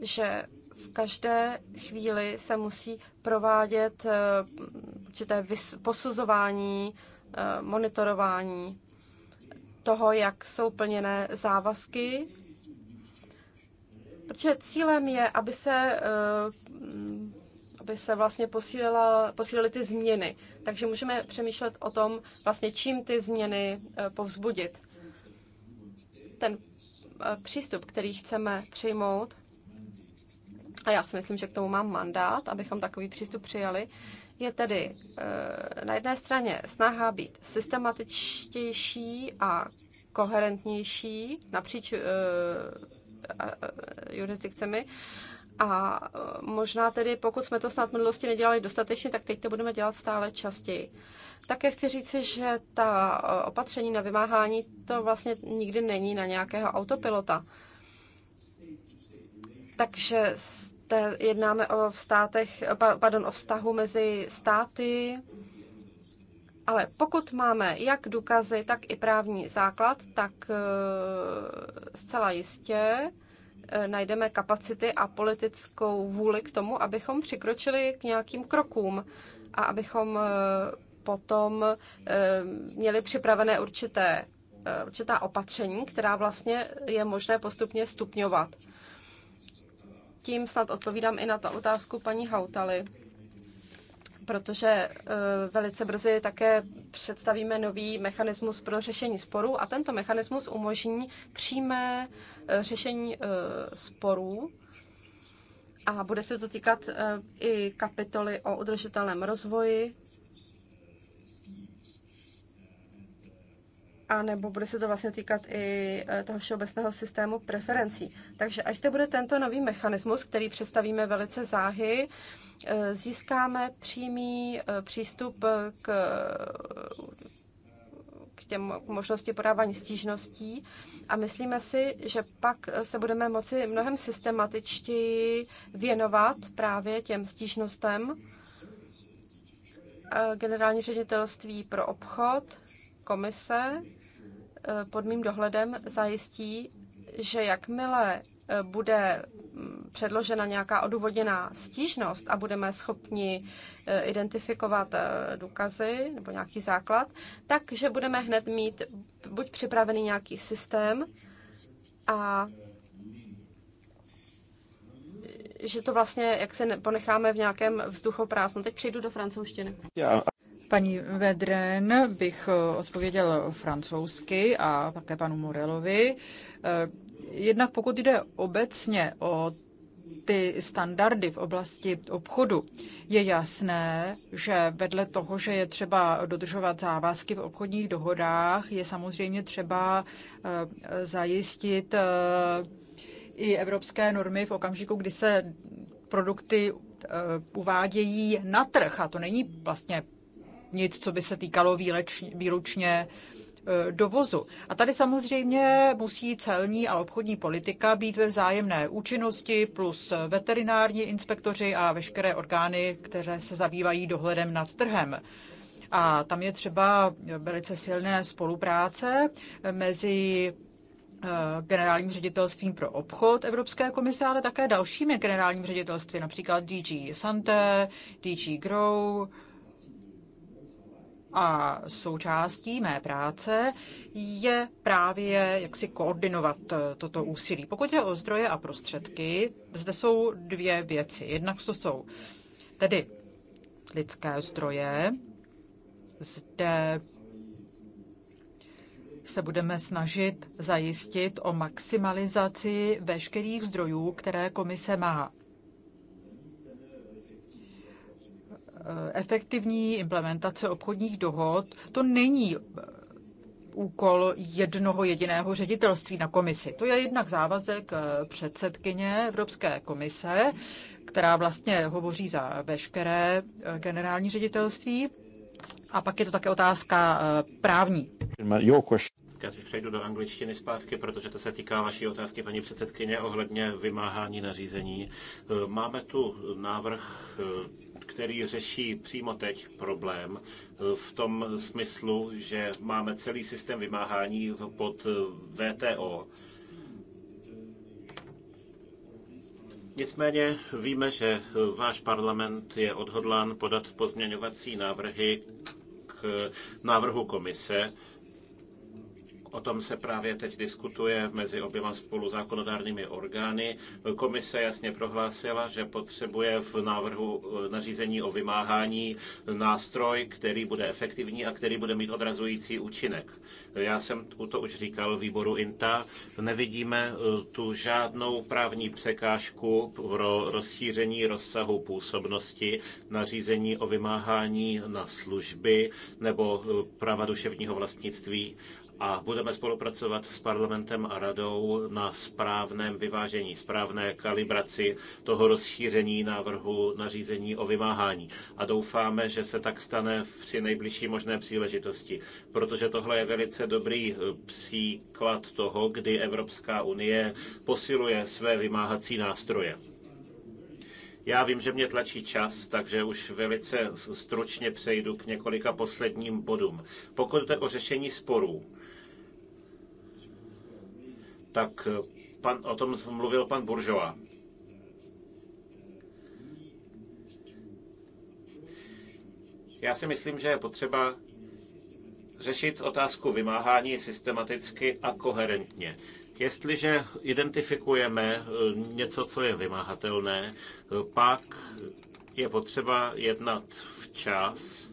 že v každé chvíli se musí provádět eh, určité posuzování, eh, monitorování toho, jak jsou plněné závazky Protože cílem je, aby se, eh, aby se vlastně posílily ty změny. Takže můžeme přemýšlet o tom, vlastně čím ty změny eh, povzbudit. Ten eh, přístup, který chceme přijmout, a já si myslím, že k tomu mám mandát, abychom takový přístup přijali, je tedy na jedné straně snaha být systematičtější a koherentnější napříč jurisdikcemi. A e, možná tedy, pokud jsme to snad v minulosti nedělali dostatečně, tak teď to budeme dělat stále častěji. Také chci říci, že ta e, opatření na vymáhání to vlastně nikdy není na nějakého autopilota. Takže jednáme o, státech, pardon, o vztahu mezi státy, ale pokud máme jak důkazy, tak i právní základ, tak eh, zcela jistě eh, najdeme kapacity a politickou vůli k tomu, abychom přikročili k nějakým krokům a abychom eh, potom měli připravené určité, určitá opatření, která vlastně je možné postupně stupňovat. Tím snad odpovídám i na ta otázku paní Hautaly protože eh, velice brzy také představíme nový mechanismus pro řešení sporů a tento mechanismus umožní přímé eh, řešení eh, sporů a bude se to týkat i kapitoly o udržitelném rozvoji a nebo bude se to vlastně týkat i e, toho všeobecného systému preferencí. Takže až to bude tento nový mechanismus, který představíme velice záhy, e, získáme přímý e, přístup k, k těm k možnosti podávání stížností a myslíme si, že pak se budeme moci mnohem systematičtěji věnovat právě těm stížnostem. Generální ředitelství pro obchod, komise Eh, pod mým dohledem zajistí, že jakmile eh, bude mm, předložena nějaká odůvodněná stížnost a budeme schopni eh, identifikovat důkazy nebo nějaký základ, takže budeme hned mít buď připravený nějaký systém a že to vlastně, jak se ponecháme v nějakém vzduchoprázdnu. Teď přejdu do francouzštiny.
Paní Vedren bych eh, odpověděl francouzsky a také panu Morelovi. Eh, jednak pokud jde obecně o ty standardy v oblasti obchodu, je jasné, že vedle toho, že je třeba dodržovat závazky v obchodních dohodách, je samozřejmě třeba eh, zajistit i evropské normy v okamžiku, kdy se produkty uvádějí na trh. A to není vlastně nic, co by se týkalo výleč, výlučně e, dovozu. A tady samozřejmě musí celní a obchodní politika být ve vzájemné účinnosti plus veterinární inspektoři a veškeré orgány, které se zabývají dohledem nad trhem. A tam je třeba velice silné spolupráce mezi e, generálním ředitelstvím pro obchod Evropské komise, ale také dalšími generálními ředitelství, například DG Sante, DG Grow, a součástí mé práce je právě jak si koordinovat eh, toto úsilí. Pokud je o zdroje a prostředky, zde jsou dvě věci. Jednak to jsou tedy lidské zdroje. Zde se budeme snažit zajistit o maximalizaci veškerých zdrojů, které komise má. efektivní implementace obchodních dohod, to není eh, úkol jednoho jediného ředitelství na komisi. To je jednak závazek eh, předsedkyně Evropské komise, která vlastně hovoří za veškeré eh, generální ředitelství. A pak je to také otázka právní.
Já teď přejdu do angličtiny zpátky, protože to se týká vaší otázky, paní předsedkyně, ohledně vymáhání nařízení. Eh, máme tu návrh, eh, který řeší přímo teď problém eh, v tom smyslu, že máme celý systém vymáhání pod VTO. Nicméně víme, že váš parlament je odhodlán podat pozměňovací návrhy k návrhu komise, O tom se právě teď diskutuje mezi oběma spoluzákonodárnými orgány. Komise jasně prohlásila, že potřebuje v návrhu eh, nařízení o vymáhání nástroj, který bude efektivní a který bude mít odrazující účinek. Já jsem u to už říkal výboru INTA. Nevidíme eh, tu žádnou právní překážku pro rozšíření rozsahu působnosti nařízení o vymáhání na služby nebo eh, práva duševního vlastnictví a budeme spolupracovat s parlamentem a radou na správném vyvážení, správné kalibraci toho rozšíření návrhu nařízení o vymáhání. A doufáme, že se tak stane při nejbližší možné příležitosti, protože tohle je velice dobrý eh, příklad toho, kdy Evropská unie posiluje své vymáhací nástroje. Já vím, že mě tlačí čas, takže už velice stručně přejdu k několika posledním bodům. Pokud jde o řešení sporů, tak eh, pan, o tom mluvil pan Buržová. Já si myslím, že je potřeba řešit otázku vymáhání systematicky a koherentně. Jestliže identifikujeme eh, něco, co je vymáhatelné, eh, pak je potřeba jednat včas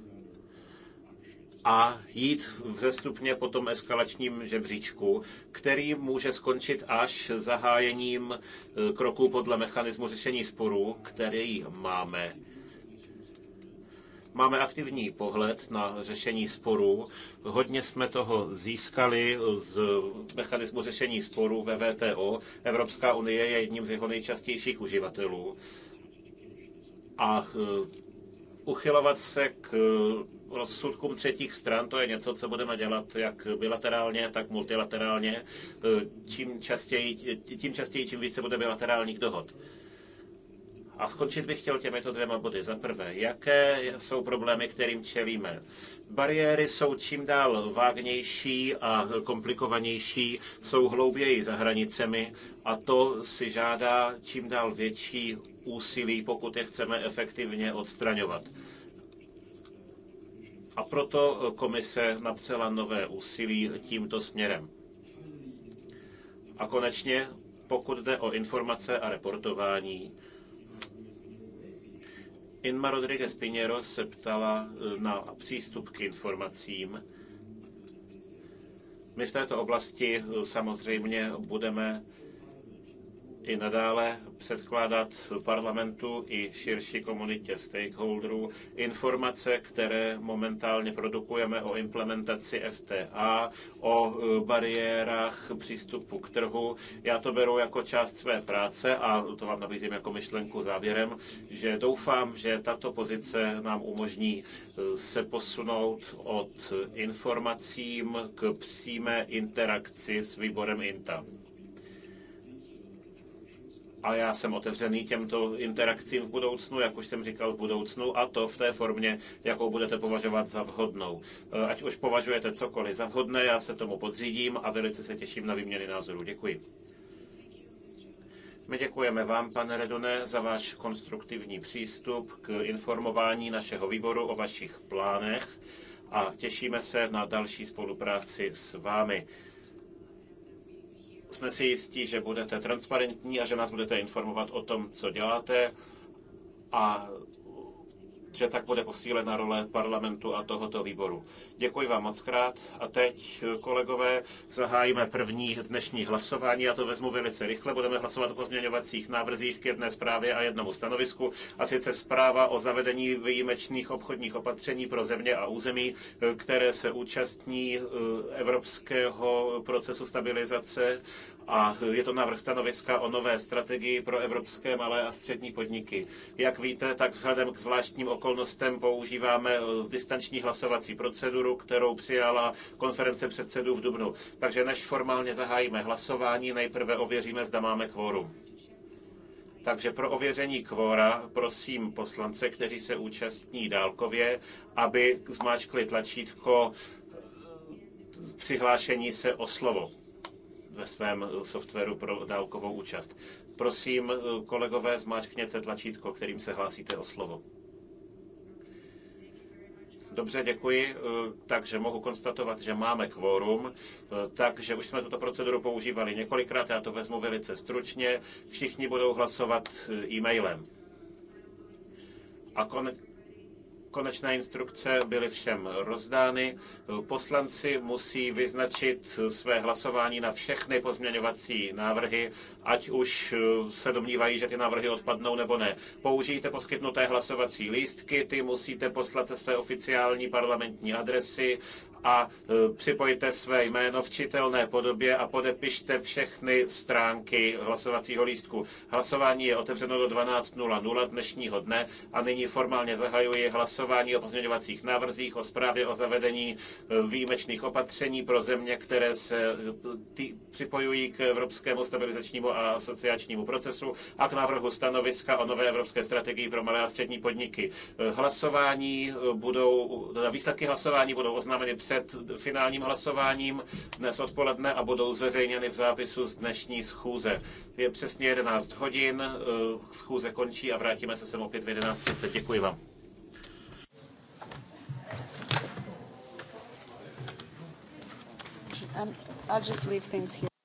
a jít vzestupně po tom eskalačním žebříčku, který může skončit až zahájením e, kroků podle mechanismu řešení sporů, který máme. Máme aktivní pohled na řešení sporů. Hodně jsme toho získali z mechanismu řešení sporů ve VTO. Evropská unie je jedním z jeho nejčastějších uživatelů. A e, uchylovat se k rozsudkům třetích stran, to je něco, co budeme dělat jak bilaterálně, tak multilaterálně, čím častěji, tím častěji, čím více bude bilaterálních dohod. A skončit bych chtěl těmito dvěma body. Za prvé, jaké jsou problémy, kterým čelíme? Bariéry jsou čím dál vágnější a komplikovanější, jsou hlouběji za hranicemi a to si žádá čím dál větší úsilí, pokud je chceme efektivně odstraňovat. A proto eh, komise napsala nové úsilí tímto směrem. A konečně, pokud jde o informace a reportování, Inma Rodriguez Pinheiro se ptala eh, na přístup k informacím. My v této oblasti eh, samozřejmě budeme i nadále předkládat parlamentu i širší komunitě stakeholderů informace, které momentálně produkujeme o implementaci FTA, o e, bariérách přístupu k trhu. Já to beru jako část své práce a to vám nabízím jako myšlenku závěrem, že doufám, že tato pozice nám umožní e, se posunout od informacím k přímé interakci s výborem INTA. A já jsem otevřený těmto interakcím v budoucnu, jak už jsem říkal v budoucnu, a to v té formě, jakou budete považovat za vhodnou. E, ať už považujete cokoliv za vhodné, já se tomu podřídím a velice se těším na výměny názorů. Děkuji. My děkujeme vám, pane Redone, za váš konstruktivní přístup k informování našeho výboru o vašich plánech a těšíme se na další spolupráci s vámi. Jsme si jistí, že budete transparentní a že nás budete informovat o tom, co děláte a že tak bude posílena role parlamentu a tohoto výboru. Děkuji vám moc krát a teď, kolegové, zahájíme první dnešní hlasování. Já to vezmu velice rychle. Budeme hlasovat o pozměňovacích návrzích k jedné zprávě a jednomu stanovisku, a sice zpráva o zavedení výjimečných obchodních opatření pro země a území, které se účastní eh, evropského procesu stabilizace a je to návrh stanoviska o nové strategii pro evropské malé a střední podniky. Jak víte, tak vzhledem k zvláštním okolnostem používáme eh, distanční hlasovací proceduru, kterou přijala konference předsedů v Dubnu. Takže než formálně zahájíme hlasování, nejprve ověříme, zda máme kvórum. Takže pro ověření kvóra prosím poslance, kteří se účastní dálkově, aby zmáčkli tlačítko eh, přihlášení se o slovo ve svém eh, softwaru pro dálkovou účast. Prosím, eh, kolegové, zmáčkněte tlačítko, kterým se hlásíte o slovo. Dobře, děkuji. Eh, takže mohu konstatovat, že máme kvórum, takže už jsme tuto proceduru používali několikrát, já to vezmu velice stručně. Všichni budou hlasovat e-mailem. A kon- Konečné instrukce byly všem rozdány. Poslanci musí vyznačit své hlasování na všechny pozměňovací návrhy, ať už eh, se domnívají, že ty návrhy odpadnou nebo ne. Použijte poskytnuté hlasovací lístky, ty musíte poslat se své oficiální parlamentní adresy a e, připojte své jméno v čitelné podobě a podepište všechny stránky hlasovacího lístku. Hlasování je otevřeno do 12.00 dnešního dne a nyní formálně zahajuji hlasování o pozměňovacích návrzích o zprávě o zavedení e, výjimečných opatření pro země, které se e, tý, připojují k Evropskému stabilizačnímu a asociačnímu procesu a k návrhu stanoviska o nové evropské strategii pro malé a střední podniky. Hlasování budou, výsledky hlasování budou oznámeny před před finálním hlasováním dnes odpoledne a budou zveřejněny v zápisu z dnešní schůze. Je přesně 11 hodin, eh, schůze končí a vrátíme se sem opět v 11.30. Děkuji vám.
Um, I'll just leave things here.